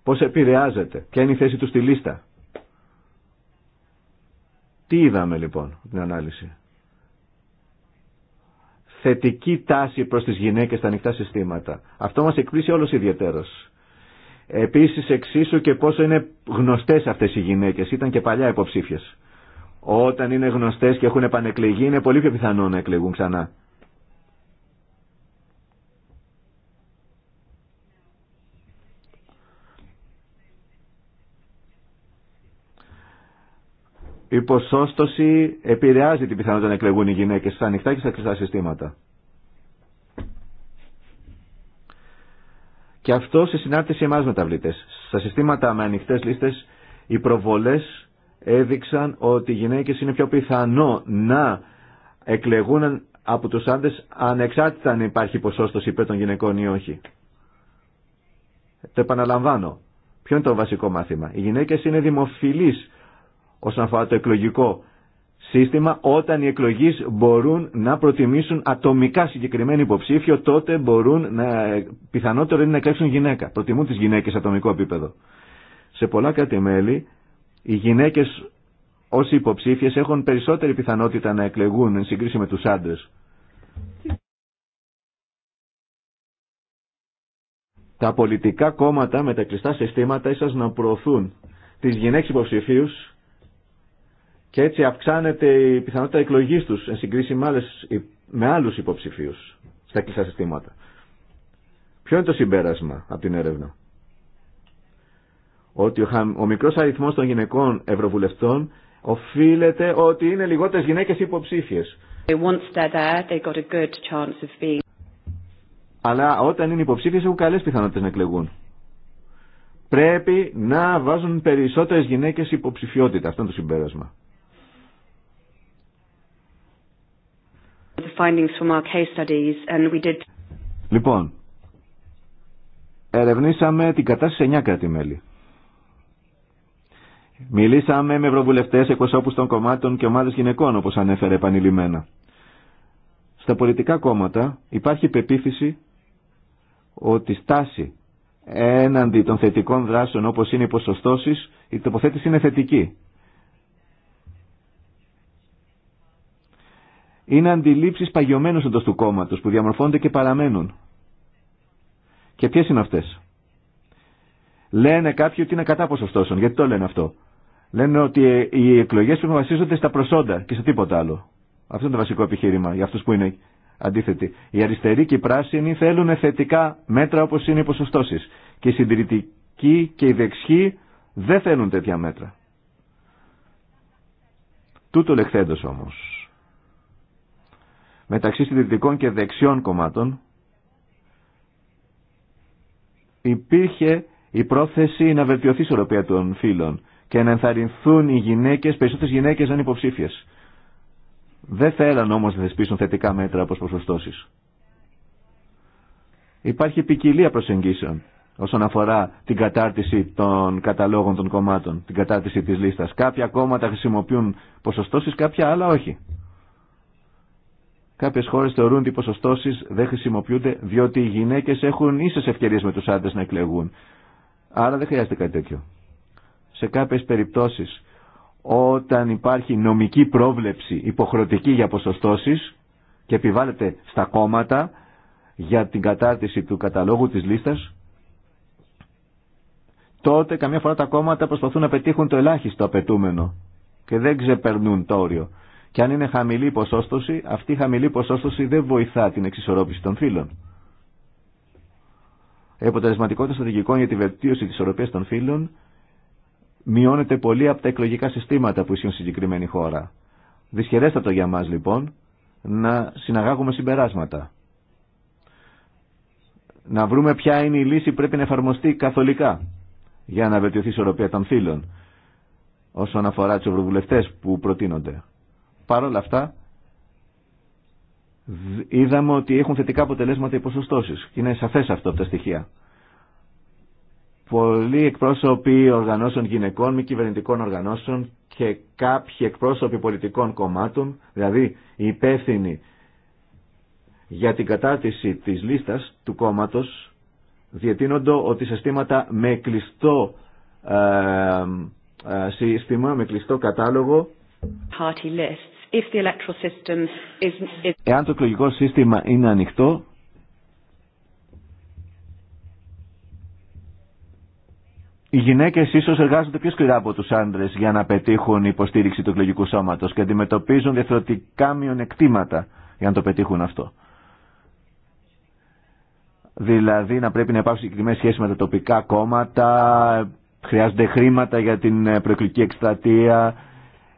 Πώς επηρεάζεται, ποια είναι η θέση του στη λίστα. Τι είδαμε λοιπόν την ανάλυση θετική τάση προς τις γυναίκες στα ανοιχτά συστήματα. Αυτό μας εκπλήσει όλος ιδιαίτερος. Επίσης εξίσου και πόσο είναι γνωστές αυτές οι γυναίκες, ήταν και παλιά υποψήφιες. Όταν είναι γνωστές και έχουν επανεκλεγεί είναι πολύ πιο πιθανό να εκλεγούν ξανά. η ποσόστοση επηρεάζει την πιθανότητα να εκλεγούν οι γυναίκες στα ανοιχτά και στα κλειστά συστήματα. Και αυτό σε συνάρτηση εμά με τα βλήτες. Στα συστήματα με ανοιχτές λίστες οι προβολές έδειξαν ότι οι γυναίκες είναι πιο πιθανό να εκλεγούν από τους άντρες ανεξάρτητα αν υπάρχει ποσόστοση υπέρ των γυναικών ή όχι. Το επαναλαμβάνω. Ποιο είναι το βασικό μάθημα. Οι γυναίκες είναι δημοφιλεί όσον αφορά το εκλογικό σύστημα, όταν οι εκλογείς μπορούν να προτιμήσουν ατομικά συγκεκριμένο υποψήφιο, τότε μπορούν να, πιθανότερο είναι να εκλέξουν γυναίκα. Προτιμούν τι γυναίκες σε ατομικό επίπεδο. Σε πολλά κράτη-μέλη, οι γυναίκες ω υποψήφιες έχουν περισσότερη πιθανότητα να εκλεγούν εν συγκρίση με τους άντρε. Τα πολιτικά κόμματα με τα κλειστά συστήματα ίσως να προωθούν τις γυναίκες υποψηφίους και έτσι αυξάνεται η πιθανότητα εκλογής τους εν συγκρίση με, άλλες, με άλλους υποψηφίους στα κλειστά συστήματα. Ποιο είναι το συμπέρασμα από την έρευνα. Ότι ο, ο μικρός αριθμός των γυναικών ευρωβουλευτών οφείλεται ότι είναι λιγότερες γυναίκες υποψήφιες. Αλλά όταν είναι υποψήφιες έχουν καλές πιθανότητες να εκλεγούν. Πρέπει να βάζουν περισσότερες γυναίκες υποψηφιότητα. Αυτό είναι το συμπέρασμα. findings from our case studies and we did... Λοιπόν, ερευνήσαμε την κατάσταση σε 9 κράτη-μέλη. Μιλήσαμε με ευρωβουλευτέ, εκπροσώπου των κομμάτων και ομάδε γυναικών, όπω ανέφερε επανειλημμένα. Στα πολιτικά κόμματα υπάρχει πεποίθηση ότι στάση έναντι των θετικών δράσεων όπως είναι οι ποσοστώσεις, η τοποθέτηση είναι θετική. είναι αντιλήψεις παγιωμένου εντός του κόμματος που διαμορφώνονται και παραμένουν. Και ποιες είναι αυτές. Λένε κάποιοι ότι είναι κατά ποσοστώσεων. Γιατί το λένε αυτό. Λένε ότι ε, οι εκλογές πρέπει να βασίζονται στα προσόντα και σε τίποτα άλλο. Αυτό είναι το βασικό επιχείρημα για αυτούς που είναι αντίθετοι. Οι αριστεροί και οι πράσινοι θέλουν θετικά μέτρα όπως είναι οι ποσοστώσεις. Και οι συντηρητικοί και οι δεξιοί δεν θέλουν τέτοια μέτρα. Τούτο λεχθέντος όμως μεταξύ συντηρητικών και δεξιών κομμάτων υπήρχε η πρόθεση να βελτιωθεί η ισορροπία των φίλων και να ενθαρρυνθούν οι γυναίκες, περισσότερες γυναίκες να είναι υποψήφιες. Δεν θέλαν όμως να θεσπίσουν θετικά μέτρα όπως προσωστώσεις. Υπάρχει ποικιλία προσεγγίσεων όσον αφορά την κατάρτιση των καταλόγων των κομμάτων, την κατάρτιση της λίστας. Κάποια κόμματα χρησιμοποιούν ποσοστώσεις, κάποια άλλα όχι. Κάποιε χώρε θεωρούν ότι οι ποσοστώσει δεν χρησιμοποιούνται διότι οι γυναίκε έχουν ίσε ευκαιρίε με του άντρε να εκλεγούν. Άρα δεν χρειάζεται κάτι τέτοιο. Σε κάποιε περιπτώσει, όταν υπάρχει νομική πρόβλεψη υποχρεωτική για ποσοστώσει και επιβάλλεται στα κόμματα για την κατάρτιση του καταλόγου τη λίστα. τότε καμιά φορά τα κόμματα προσπαθούν να πετύχουν το ελάχιστο απαιτούμενο και δεν ξεπερνούν το όριο. Και αν είναι χαμηλή ποσόστοση, αυτή η χαμηλή ποσόστοση δεν βοηθά την εξισορρόπηση των φύλων. Η αποτελεσματικότητα στρατηγικών για τη βελτίωση τη ισορροπία των φύλων μειώνεται πολύ από τα εκλογικά συστήματα που ισχύουν στη συγκεκριμένη χώρα. Δυσχερέστατο για μα λοιπόν να συναγάγουμε συμπεράσματα. Να βρούμε ποια είναι η λύση που πρέπει να εφαρμοστεί καθολικά για να βελτιωθεί η ισορροπία των φύλων όσον αφορά του ευρωβουλευτέ που προτείνονται. Παρ' όλα αυτά, είδαμε ότι έχουν θετικά αποτελέσματα οι ποσοστώσεις. Είναι σαφές αυτό τα στοιχεία. Πολλοί εκπρόσωποι οργανώσεων γυναικών, μη κυβερνητικών οργανώσεων και κάποιοι εκπρόσωποι πολιτικών κομμάτων, δηλαδή οι υπεύθυνοι για την κατάρτιση της λίστας του κόμματος, διατείνονται ότι συστήματα με κλειστό ε, ε συστήμα, με κλειστό κατάλογο Party list Εάν το εκλογικό σύστημα είναι ανοιχτό, οι γυναίκες ίσω εργάζονται πιο σκληρά από τους άντρε για να πετύχουν υποστήριξη του εκλογικού σώματο και αντιμετωπίζουν διαφορετικά μειονεκτήματα για να το πετύχουν αυτό. Δηλαδή να πρέπει να υπάρχουν συγκεκριμένε σχέσεις με τα τοπικά κόμματα, χρειάζονται χρήματα για την προεκλογική εκστρατεία,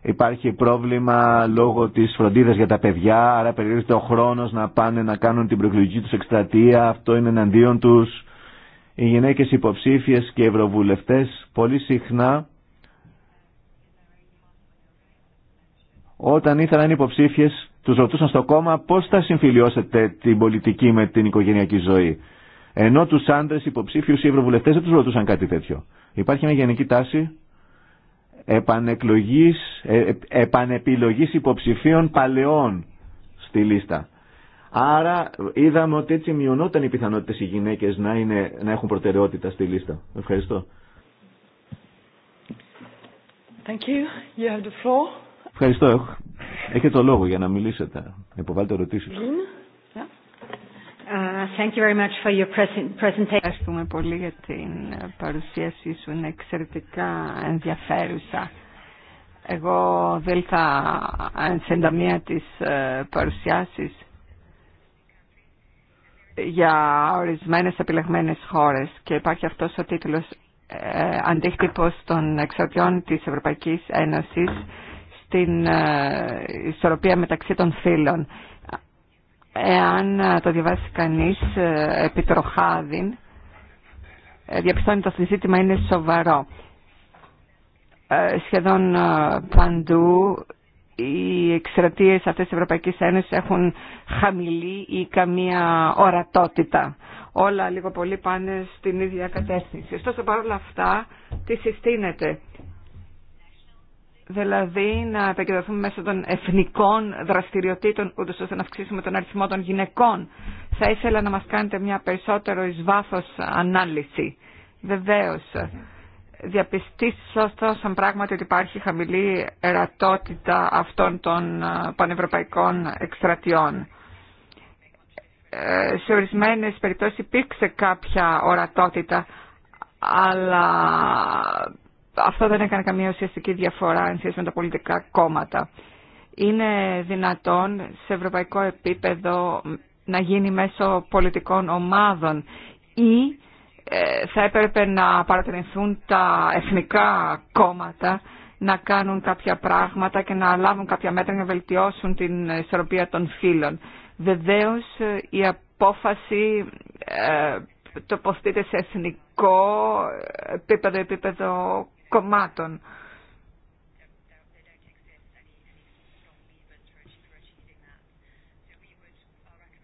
Υπάρχει πρόβλημα λόγω της φροντίδας για τα παιδιά, άρα περιορίζεται ο χρόνος να πάνε να κάνουν την προεκλογική τους εκστρατεία, αυτό είναι εναντίον τους. Οι γυναίκες υποψήφιες και ευρωβουλευτές πολύ συχνά όταν ήθελαν υποψήφιες τους ρωτούσαν στο κόμμα πώς θα συμφιλιώσετε την πολιτική με την οικογενειακή ζωή. Ενώ τους άντρες υποψήφιους ή ευρωβουλευτές δεν τους ρωτούσαν κάτι τέτοιο. Υπάρχει μια γενική τάση επανεκλογής, ε, ε, επανεπιλογής υποψηφίων παλαιών στη λίστα. Άρα είδαμε ότι έτσι μειωνόταν οι πιθανότητες οι γυναίκες να, είναι, να έχουν προτεραιότητα στη λίστα. Ευχαριστώ. Thank you. You have the floor. Ευχαριστώ. Έχετε το λόγο για να μιλήσετε. Υποβάλλετε ερωτήσεις. Uh, Ευχαριστούμε πολύ για την παρουσίασή σου. Είναι εξαιρετικά ενδιαφέρουσα. Εγώ δεν θα σε ενταμεία της ε, παρουσιάσεις για ορισμένες επιλεγμένες χώρες και υπάρχει αυτός ο τίτλος ε, των εξαρτιών της Ευρωπαϊκής Ένωσης στην ε, ισορροπία μεταξύ των φύλων εάν ε, το διαβάσει κανείς ε, επιτροχάδιν, ε, διαπιστώνει το συζήτημα, είναι σοβαρό. Σχεδόν παντού οι εξαιρετίες αυτές της Ευρωπαϊκής Ένωσης έχουν χαμηλή ή καμία ορατότητα. Όλα λίγο πολύ πάνε στην ίδια κατεύθυνση. Ωστόσο παρόλα αυτά τι συστήνεται δηλαδή να επικεντρωθούμε μέσω των εθνικών δραστηριοτήτων, ούτω ώστε να αυξήσουμε τον αριθμό των γυναικών. Θα ήθελα να μας κάνετε μια περισσότερο εις βάθος ανάλυση. Βεβαίως, σαν πράγματι ότι υπάρχει χαμηλή ερατότητα αυτών των ε, πανευρωπαϊκών εκστρατιών. Ε, σε ορισμένε περιπτώσει υπήρξε κάποια ορατότητα, αλλά αυτό δεν έκανε καμία ουσιαστική διαφορά εν σχέση με τα πολιτικά κόμματα. Είναι δυνατόν σε ευρωπαϊκό επίπεδο να γίνει μέσω πολιτικών ομάδων ή ε, θα έπρεπε να παρατηρηθούν τα εθνικά κόμματα να κάνουν κάποια πράγματα και να λάβουν κάποια μέτρα να βελτιώσουν την ισορροπία των φύλων. Βεβαίω η απόφαση ε, τοποθετείται σε εθνικό επίπεδο, επίπεδο κομμάτων.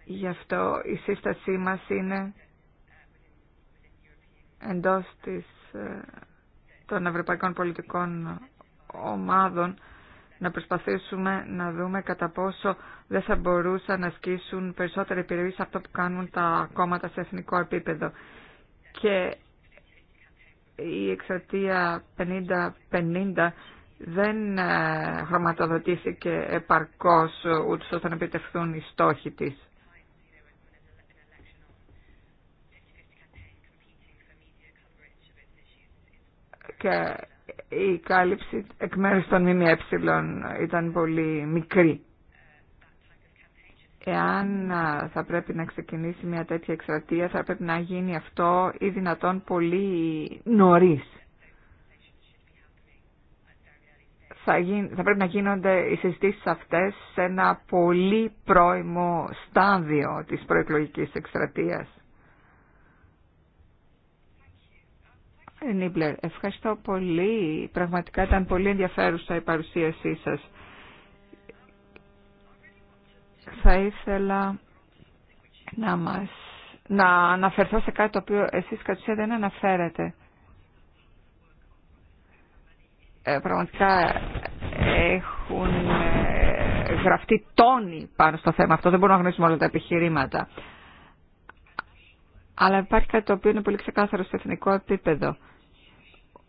Γι' αυτό η σύστασή μας είναι εντός της, ε, των ευρωπαϊκών πολιτικών ομάδων να προσπαθήσουμε να δούμε κατά πόσο δεν θα μπορούσαν να ασκήσουν περισσότερη επιρροή σε αυτό που κάνουν τα κόμματα σε εθνικό επίπεδο. Και η εξαρτια 50 50-50 δεν ε, χρωματοδοτήθηκε επαρκώς ούτως ώστε να επιτευχθούν οι στόχοι της. Και η κάλυψη εκ μέρους των ΜΜΕ ήταν πολύ μικρή. Εάν θα πρέπει να ξεκινήσει μια τέτοια εκστρατεία, θα πρέπει να γίνει αυτό ή δυνατόν πολύ νωρίς. Θα, θα πρέπει να γίνονται οι συζητήσεις αυτές σε ένα πολύ πρώιμο στάδιο της προεκλογικής εκστρατείας. Ε, Νίμπλερ, ευχαριστώ πολύ. Πραγματικά ήταν πολύ ενδιαφέρουσα η παρουσίασή σας θα ήθελα να μας να αναφερθώ σε κάτι το οποίο εσείς κατ' δεν αναφέρετε. Ε, πραγματικά ε, έχουν ε, γραφτεί τόνοι πάνω στο θέμα αυτό. Δεν μπορούμε να γνωρίσουμε όλα τα επιχειρήματα. Αλλά υπάρχει κάτι το οποίο είναι πολύ ξεκάθαρο στο εθνικό επίπεδο.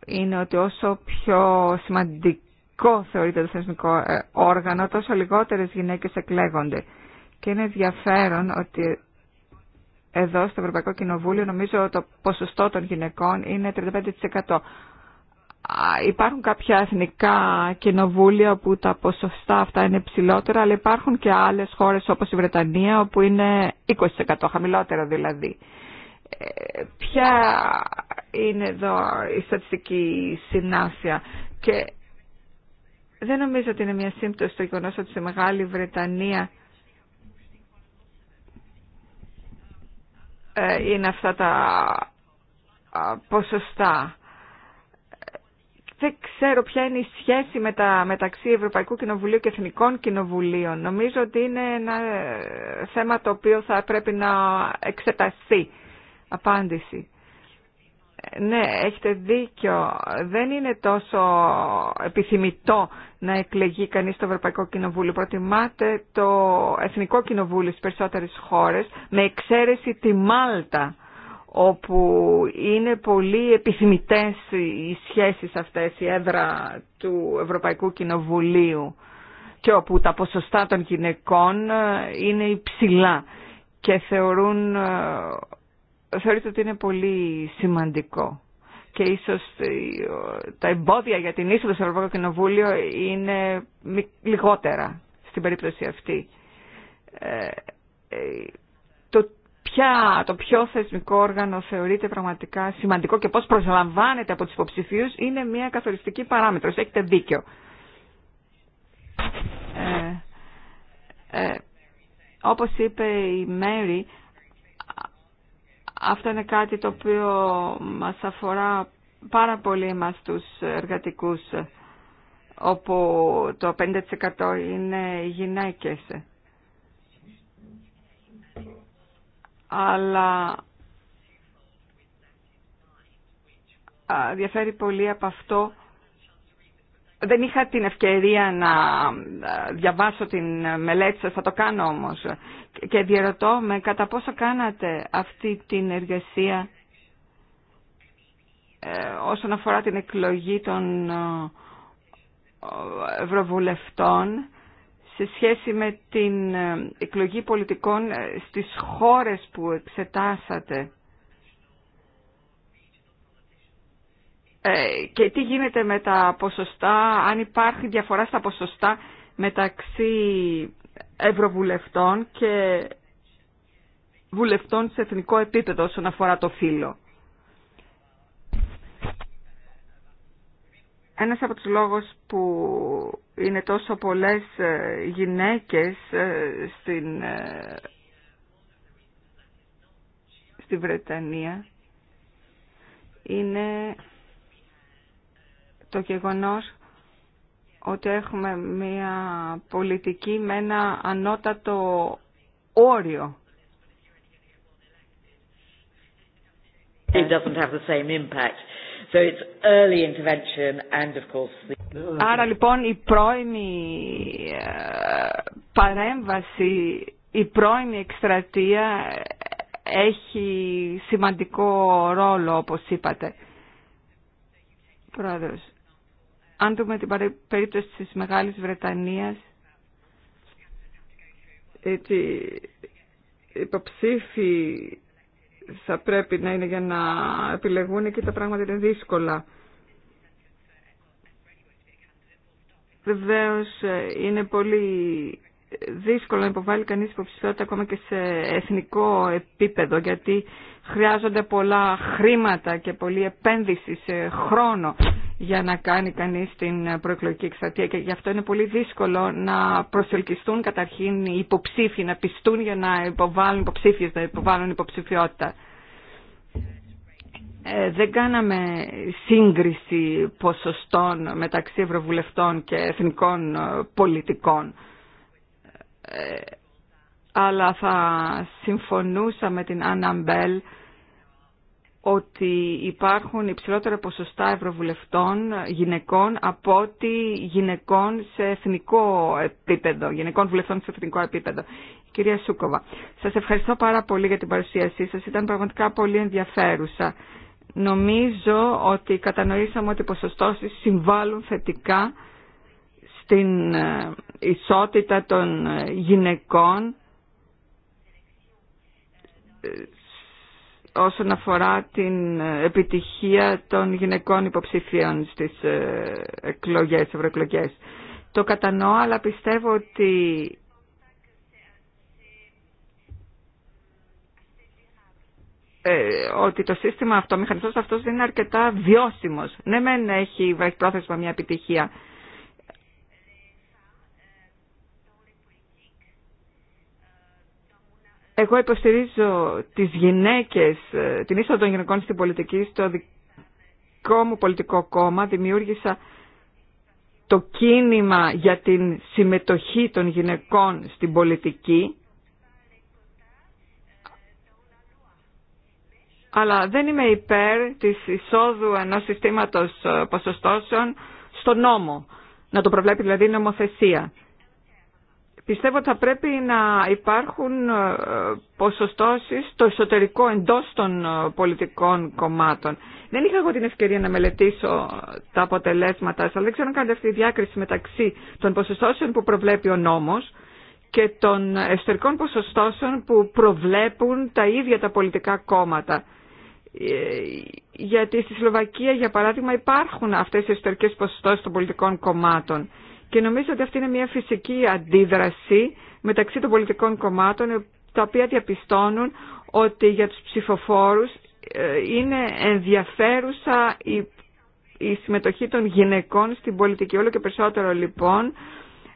Είναι ότι όσο πιο σημαντικό θεσμικό θεωρείται το θεσμικό ε, όργανο, τόσο λιγότερες γυναίκες εκλέγονται. Και είναι ενδιαφέρον ότι εδώ στο Ευρωπαϊκό Κοινοβούλιο νομίζω το ποσοστό των γυναικών είναι 35%. Υπάρχουν κάποια εθνικά κοινοβούλια που τα ποσοστά αυτά είναι ψηλότερα, αλλά υπάρχουν και άλλες χώρες όπως η Βρετανία όπου είναι 20%, χαμηλότερο δηλαδή. Ε, ποια είναι εδώ η στατιστική συνάφεια και δεν νομίζω ότι είναι μια σύμπτωση το γεγονό ότι στη Μεγάλη Βρετανία ε, είναι αυτά τα ποσοστά. Δεν ξέρω ποια είναι η σχέση με τα, μεταξύ Ευρωπαϊκού Κοινοβουλίου και Εθνικών Κοινοβουλίων. Νομίζω ότι είναι ένα ε, θέμα το οποίο θα πρέπει να εξεταστεί. Απάντηση. Ε, ναι, έχετε δίκιο. Δεν είναι τόσο επιθυμητό να εκλεγεί κανείς στο Ευρωπαϊκό Κοινοβούλιο. Προτιμάται το Εθνικό Κοινοβούλιο στις περισσότερες χώρες, με εξαίρεση τη Μάλτα, όπου είναι πολύ επιθυμητές οι σχέσεις αυτές, η έδρα του Ευρωπαϊκού Κοινοβουλίου και όπου τα ποσοστά των γυναικών ε, είναι υψηλά και θεωρούν, ε, θεωρείται ότι είναι πολύ σημαντικό και ίσως ε, τα εμπόδια για την είσοδο στο Ευρωπαϊκό Κοινοβούλιο είναι λιγότερα στην περίπτωση αυτή. Ε, ε, το ποια, το πιο θεσμικό όργανο θεωρείται πραγματικά σημαντικό και πώς προσλαμβάνεται από τους υποψηφίους είναι μια καθοριστική παράμετρος. Έχετε δίκιο. Ε, ε, όπως είπε η Μέρη, αυτό είναι κάτι το οποίο μας αφορά πάρα πολύ μας τους εργατικούς, όπου το 5% είναι γυναίκες. Αλλά διαφέρει πολύ από αυτό δεν είχα την ευκαιρία να ε, διαβάσω την μελέτη σας, θα το κάνω όμως. Και διαρωτώ με κατά πόσο κάνατε αυτή την εργασία ε, όσον αφορά την εκλογή των ε, ευρωβουλευτών σε σχέση με την εκλογή πολιτικών στις χώρες που εξετάσατε. Ε, και τι γίνεται με τα ποσοστά, αν υπάρχει διαφορά στα ποσοστά μεταξύ ευρωβουλευτών και βουλευτών σε εθνικό επίπεδο όσον αφορά το φύλλο. Ένας από τους λόγους που είναι τόσο πολλές ε, γυναίκες ε, στην, στη Βρετανία είναι το γεγονός ότι έχουμε μια πολιτική με ένα ανώτατο όριο. Άρα λοιπόν η πρώιμη ε, παρέμβαση, η πρώιμη εκστρατεία ε, έχει σημαντικό ρόλο όπως είπατε. Πρόεδρος. Αν δούμε την περίπτωση της Μεγάλης Βρετανίας, οι υποψήφοι θα πρέπει να είναι για να επιλεγούν και τα πράγματα είναι δύσκολα. Βεβαίω είναι πολύ δύσκολο να υποβάλει κανείς υποψηφιότητα ακόμα και σε εθνικό επίπεδο γιατί χρειάζονται πολλά χρήματα και πολλή επένδυση σε χρόνο για να κάνει κανείς την προεκλογική εκστρατεία και γι' αυτό είναι πολύ δύσκολο να προσελκυστούν καταρχήν οι υποψήφοι, να πιστούν για να υποβάλουν υποψήφιες, να υποβάλουν υποψηφιότητα. Ε, δεν κάναμε σύγκριση ποσοστών μεταξύ ευρωβουλευτών και εθνικών ε, πολιτικών. Ε, αλλά θα συμφωνούσα με την Άννα Μπέλ ότι υπάρχουν υψηλότερα ποσοστά ευρωβουλευτών γυναικών από ότι γυναικών σε εθνικό επίπεδο, γυναικών βουλευτών σε εθνικό επίπεδο. Κυρία Σούκοβα, σας ευχαριστώ πάρα πολύ για την παρουσίασή σας. Ήταν πραγματικά πολύ ενδιαφέρουσα. Νομίζω ότι κατανοήσαμε ότι οι ποσοστώσεις συμβάλλουν θετικά στην ε, ισότητα των ε, γυναικών ε, όσον αφορά την ε, επιτυχία των γυναικών υποψηφίων στις ε, εκλογές, ευρωεκλογές. Το κατανοώ, αλλά πιστεύω ότι ε, ότι το σύστημα αυτό, ο μηχανισμός αυτός δεν είναι αρκετά βιώσιμος. Ναι, μεν έχει πρόθεσμα μια επιτυχία, Εγώ υποστηρίζω τις γυναίκες, ε, την είσοδο των γυναικών στην πολιτική, στο δικό μου πολιτικό κόμμα. Δημιούργησα το κίνημα για την συμμετοχή των γυναικών στην πολιτική. Αλλά δεν είμαι υπέρ της εισόδου ενός συστήματος ε, ποσοστώσεων στο νόμο. Να το προβλέπει δηλαδή η νομοθεσία. Πιστεύω ότι θα πρέπει να υπάρχουν ε, ποσοστώσεις στο εσωτερικό εντός των ε, πολιτικών κομμάτων. Δεν είχα εγώ την ευκαιρία να μελετήσω ε, τα αποτελέσματα, αλλά δεν ξέρω αν κάνετε αυτή τη διάκριση μεταξύ των ποσοστώσεων που προβλέπει ο νόμος και των εσωτερικών ποσοστώσεων που προβλέπουν τα ίδια τα πολιτικά κόμματα. Γιατί στη Σλοβακία, για παράδειγμα, υπάρχουν αυτές οι εσωτερικές ποσοστώσεις των πολιτικών κομμάτων. Και νομίζω ότι αυτή είναι μια φυσική αντίδραση μεταξύ των πολιτικών κομμάτων, τα οποία διαπιστώνουν ότι για τους ψηφοφόρους ε, είναι ενδιαφέρουσα η, συμμετοχή των γυναικών στην πολιτική. Όλο και περισσότερο λοιπόν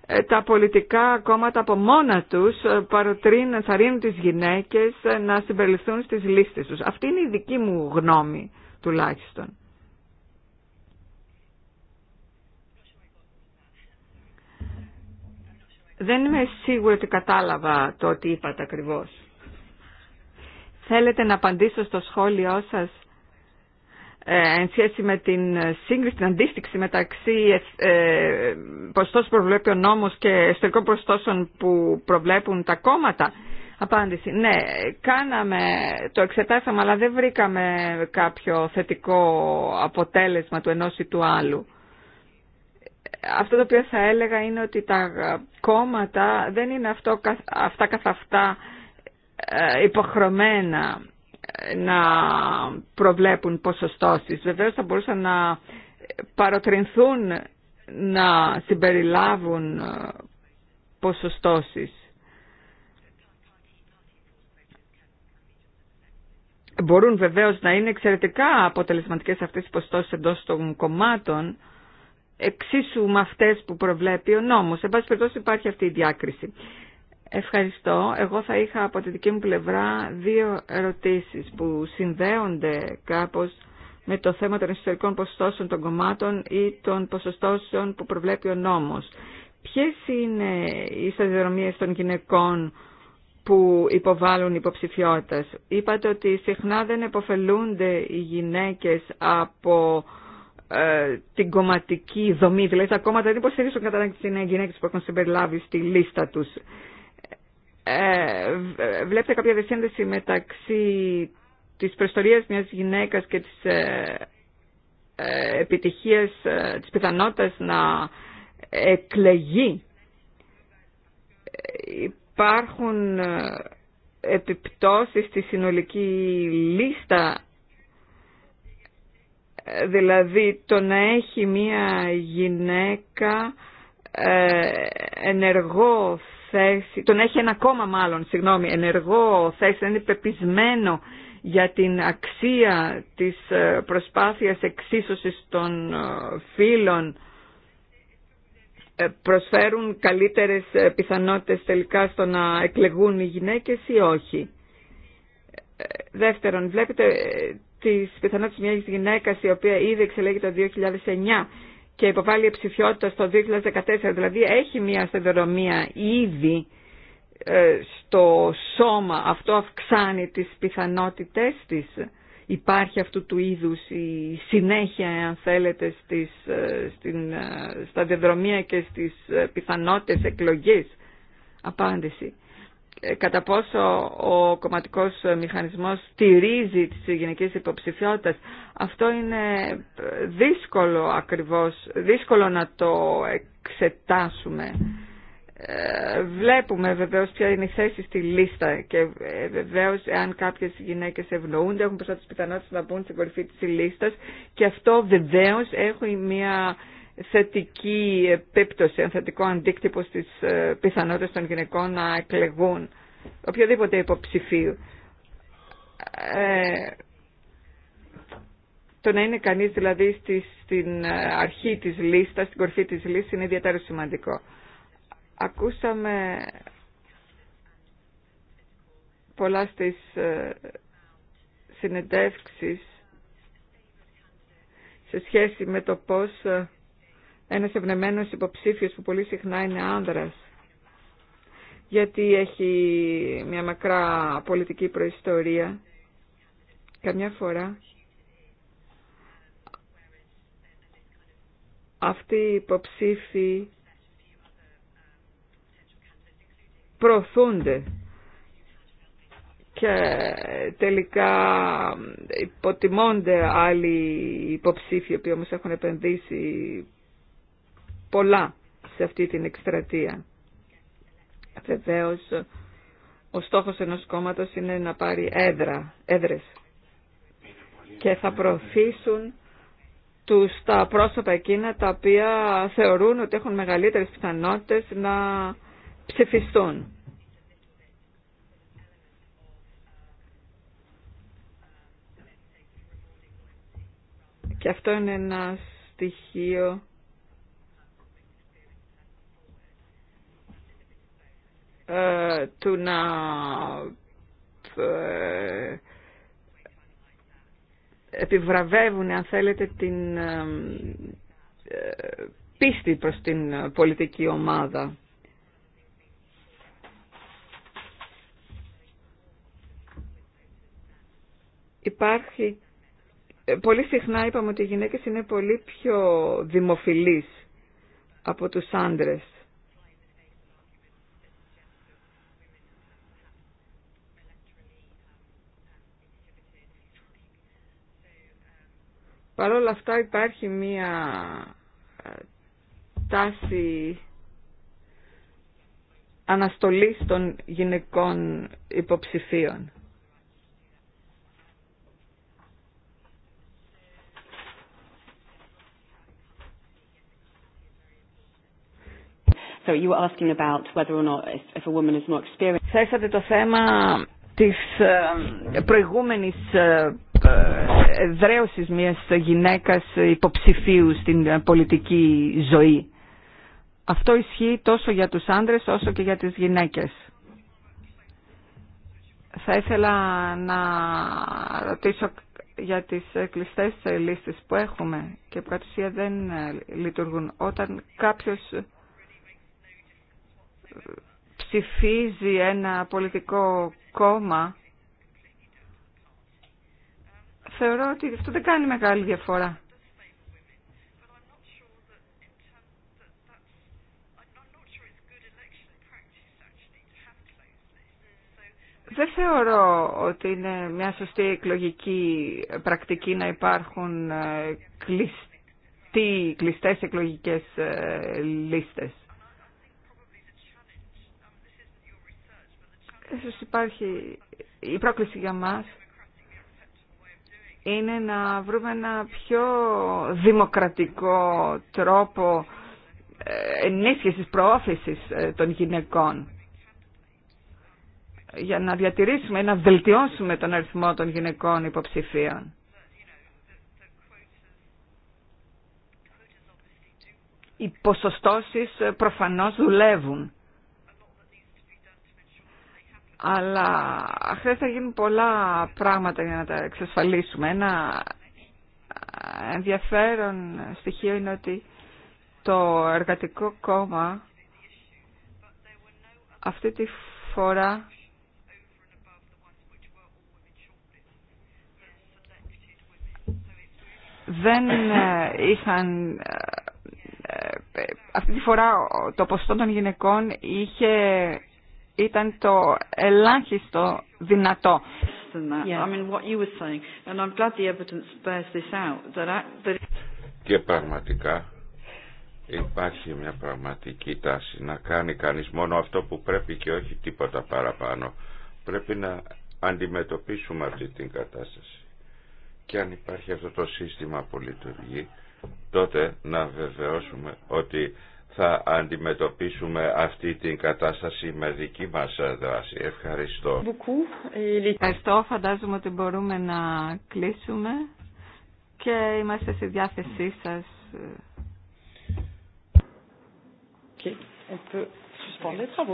ε, τα πολιτικά κόμματα από μόνα τους ε, παροτρύνουν, θαρρύνουν τις γυναίκες να συμπεριληφθούν στις λίστες τους. Αυτή είναι η δική μου γνώμη τουλάχιστον. Δεν είμαι σίγουρη ότι κατάλαβα το ότι είπατε ακριβώς. Θέλετε να απαντήσω στο σχόλιο σας ε, εν σχέση με την σύγκριση, την αντίστοιξη μεταξύ ε, ε, προβλέπει ο νόμος και εσωτερικών προστόσων που προβλέπουν τα κόμματα. Απάντηση. Ναι, κάναμε, το εξετάσαμε, αλλά δεν βρήκαμε κάποιο θετικό αποτέλεσμα του ενός ή του άλλου αυτό το οποίο θα έλεγα είναι ότι τα κόμματα δεν είναι αυτό, αυτά καθ' αυτά ε, υποχρεωμένα ε, να προβλέπουν ποσοστώσεις. Βεβαίως θα μπορούσαν να παροτρινθούν να συμπεριλάβουν ε, ποσοστώσεις. Μπορούν βεβαίως να είναι εξαιρετικά αποτελεσματικές αυτές οι ποσοστώσεις εντός των κομμάτων, εξίσου με αυτέ που προβλέπει ο νόμος. Εν πάση περιπτώσει υπάρχει αυτή η διάκριση. Ευχαριστώ. Εγώ θα είχα από τη δική μου πλευρά δύο ερωτήσεις που συνδέονται κάπως με το θέμα των ιστορικών ποσοστώσεων των κομμάτων ή των ποσοστώσεων που προβλέπει ο νόμος. Ποιες είναι οι σταδιοδρομίες των γυναικών που υποβάλλουν υποψηφιότητας. Είπατε ότι συχνά δεν επωφελούνται οι γυναίκες από ε, την κομματική δομή, δηλαδή τα κόμματα δεν υποστηρίζουν κατά την γυναίκε που έχουν συμπεριλάβει στη λίστα τους. Ε, βλέπετε κάποια διασύνδεση μεταξύ της προστορία μιας γυναίκας και της ε, ε, επιτυχίας, ε, της πιθανότητας να εκλεγεί. Υπάρχουν ε, επιπτώσεις στη συνολική λίστα Δηλαδή το να έχει μία γυναίκα ε, ενεργό θέση, το να έχει ένα κόμμα μάλλον, συγγνώμη, ενεργό θέση, να είναι πεπισμένο για την αξία της ε, προσπάθειας εξίσωσης των ε, φύλων προσφέρουν καλύτερες πιθανότητες τελικά στο να εκλεγούν οι γυναίκες ή όχι. Δεύτερον, βλέπετε της πιθανότητας μιας γυναίκα, η οποία ήδη εξελέγει το 2009 και υποβάλλει ψηφιότητα στο 2014, δηλαδή έχει μια σταδιοδρομία ήδη ε, στο σώμα, αυτό αυξάνει τις πιθανότητες της. Υπάρχει αυτού του είδους η συνέχεια, αν θέλετε, στις, ε, στην ε, σταδιοδρομία και στις πιθανότητες εκλογής. Απάντηση. Ε, κατά πόσο ο κομματικός μηχανισμός στηρίζει τις γυναικές υποψηφιότητες. Αυτό είναι ε, δύσκολο ακριβώς, δύσκολο να το εξετάσουμε. Ε, βλέπουμε βεβαίως ποια είναι η θέση στη λίστα και βεβαίως εάν κάποιες γυναίκες ευνοούνται έχουν περισσότερες πιθανότητες να μπουν στην κορυφή της λίστας και αυτό βεβαίως έχει μια θετική επίπτωση, ένα θετικό αντίκτυπο στις ε, πιθανότητες των γυναικών να εκλεγούν οποιοδήποτε υποψηφίου. Ε, το να είναι κανείς δηλαδή στην ε, αρχή της λίστας, στην κορφή της λίστας είναι ιδιαίτερα σημαντικό. Ακούσαμε πολλά στις ε, συνεντεύξεις σε σχέση με το πώς ένας ευνεμένος υποψήφιος που πολύ συχνά είναι άνδρας γιατί έχει μια μακρά πολιτική προϊστορία καμιά φορά αυτοί οι υποψήφοι προωθούνται και τελικά υποτιμώνται άλλοι υποψήφοι οι όμως έχουν επενδύσει πολλά σε αυτή την εκστρατεία. Βεβαίω, ο στόχος ενός κόμματος είναι να πάρει έδρα, έδρες και θα προωθήσουν τους τα πρόσωπα εκείνα τα οποία θεωρούν ότι έχουν μεγαλύτερες πιθανότητες να ψηφιστούν. Και αυτό είναι ένα στοιχείο του να ε, επιβραβεύουν, αν θέλετε, την ε, πίστη προς την πολιτική ομάδα. Υπάρχει, ε, πολύ συχνά είπαμε ότι οι γυναίκες είναι πολύ πιο δημοφιλείς από τους άντρες. Παρ' όλα αυτά υπάρχει μία ε, τάση αναστολής των γυναικών υποψηφίων. So you were asking about whether or not if, a woman is more experienced. Σε αυτό το θέμα της ε, προηγούμενης ε, δρέωσης μιας γυναίκας υποψηφίου στην πολιτική ζωή. Αυτό ισχύει τόσο για τους άντρες όσο και για τις γυναίκες. Θα ήθελα να ρωτήσω για τις κλειστές λίστες που έχουμε και που κατ' δεν ε, λειτουργούν. Όταν κάποιος ε, ψηφίζει ένα πολιτικό κόμμα, θεωρώ ότι αυτό δεν κάνει μεγάλη διαφορά. Δεν θεωρώ ότι είναι μια σωστή εκλογική πρακτική να υπάρχουν ε, κλειστοί, κλειστές εκλογικές ε, λίστες. Ίσως ε, υπάρχει η πρόκληση για μας είναι να βρούμε ένα πιο δημοκρατικό τρόπο ε, ενίσχυσης προώθησης ε, των γυναικών για να διατηρήσουμε ή να βελτιώσουμε τον αριθμό των γυναικών υποψηφίων. Οι ποσοστώσεις ε, προφανώς δουλεύουν αλλά χρειάζεται να γίνουν πολλά πράγματα για να τα εξασφαλίσουμε. Ένα ενδιαφέρον στοιχείο είναι ότι το εργατικό κόμμα αυτή τη φορά δεν ε, είχαν ε, ε, αυτή τη φορά το ποστό των γυναικών είχε ήταν το ελάχιστο δυνατό. Και πραγματικά υπάρχει μια πραγματική τάση να κάνει κανείς μόνο αυτό που πρέπει και όχι τίποτα παραπάνω. Πρέπει να αντιμετωπίσουμε αυτή την κατάσταση. Και αν υπάρχει αυτό το σύστημα που λειτουργεί, τότε να βεβαιώσουμε ότι θα αντιμετωπίσουμε αυτή την κατάσταση με δική μας δράση. Ευχαριστώ. Ευχαριστώ. Φαντάζομαι ότι μπορούμε να κλείσουμε και είμαστε στη διάθεσή σας.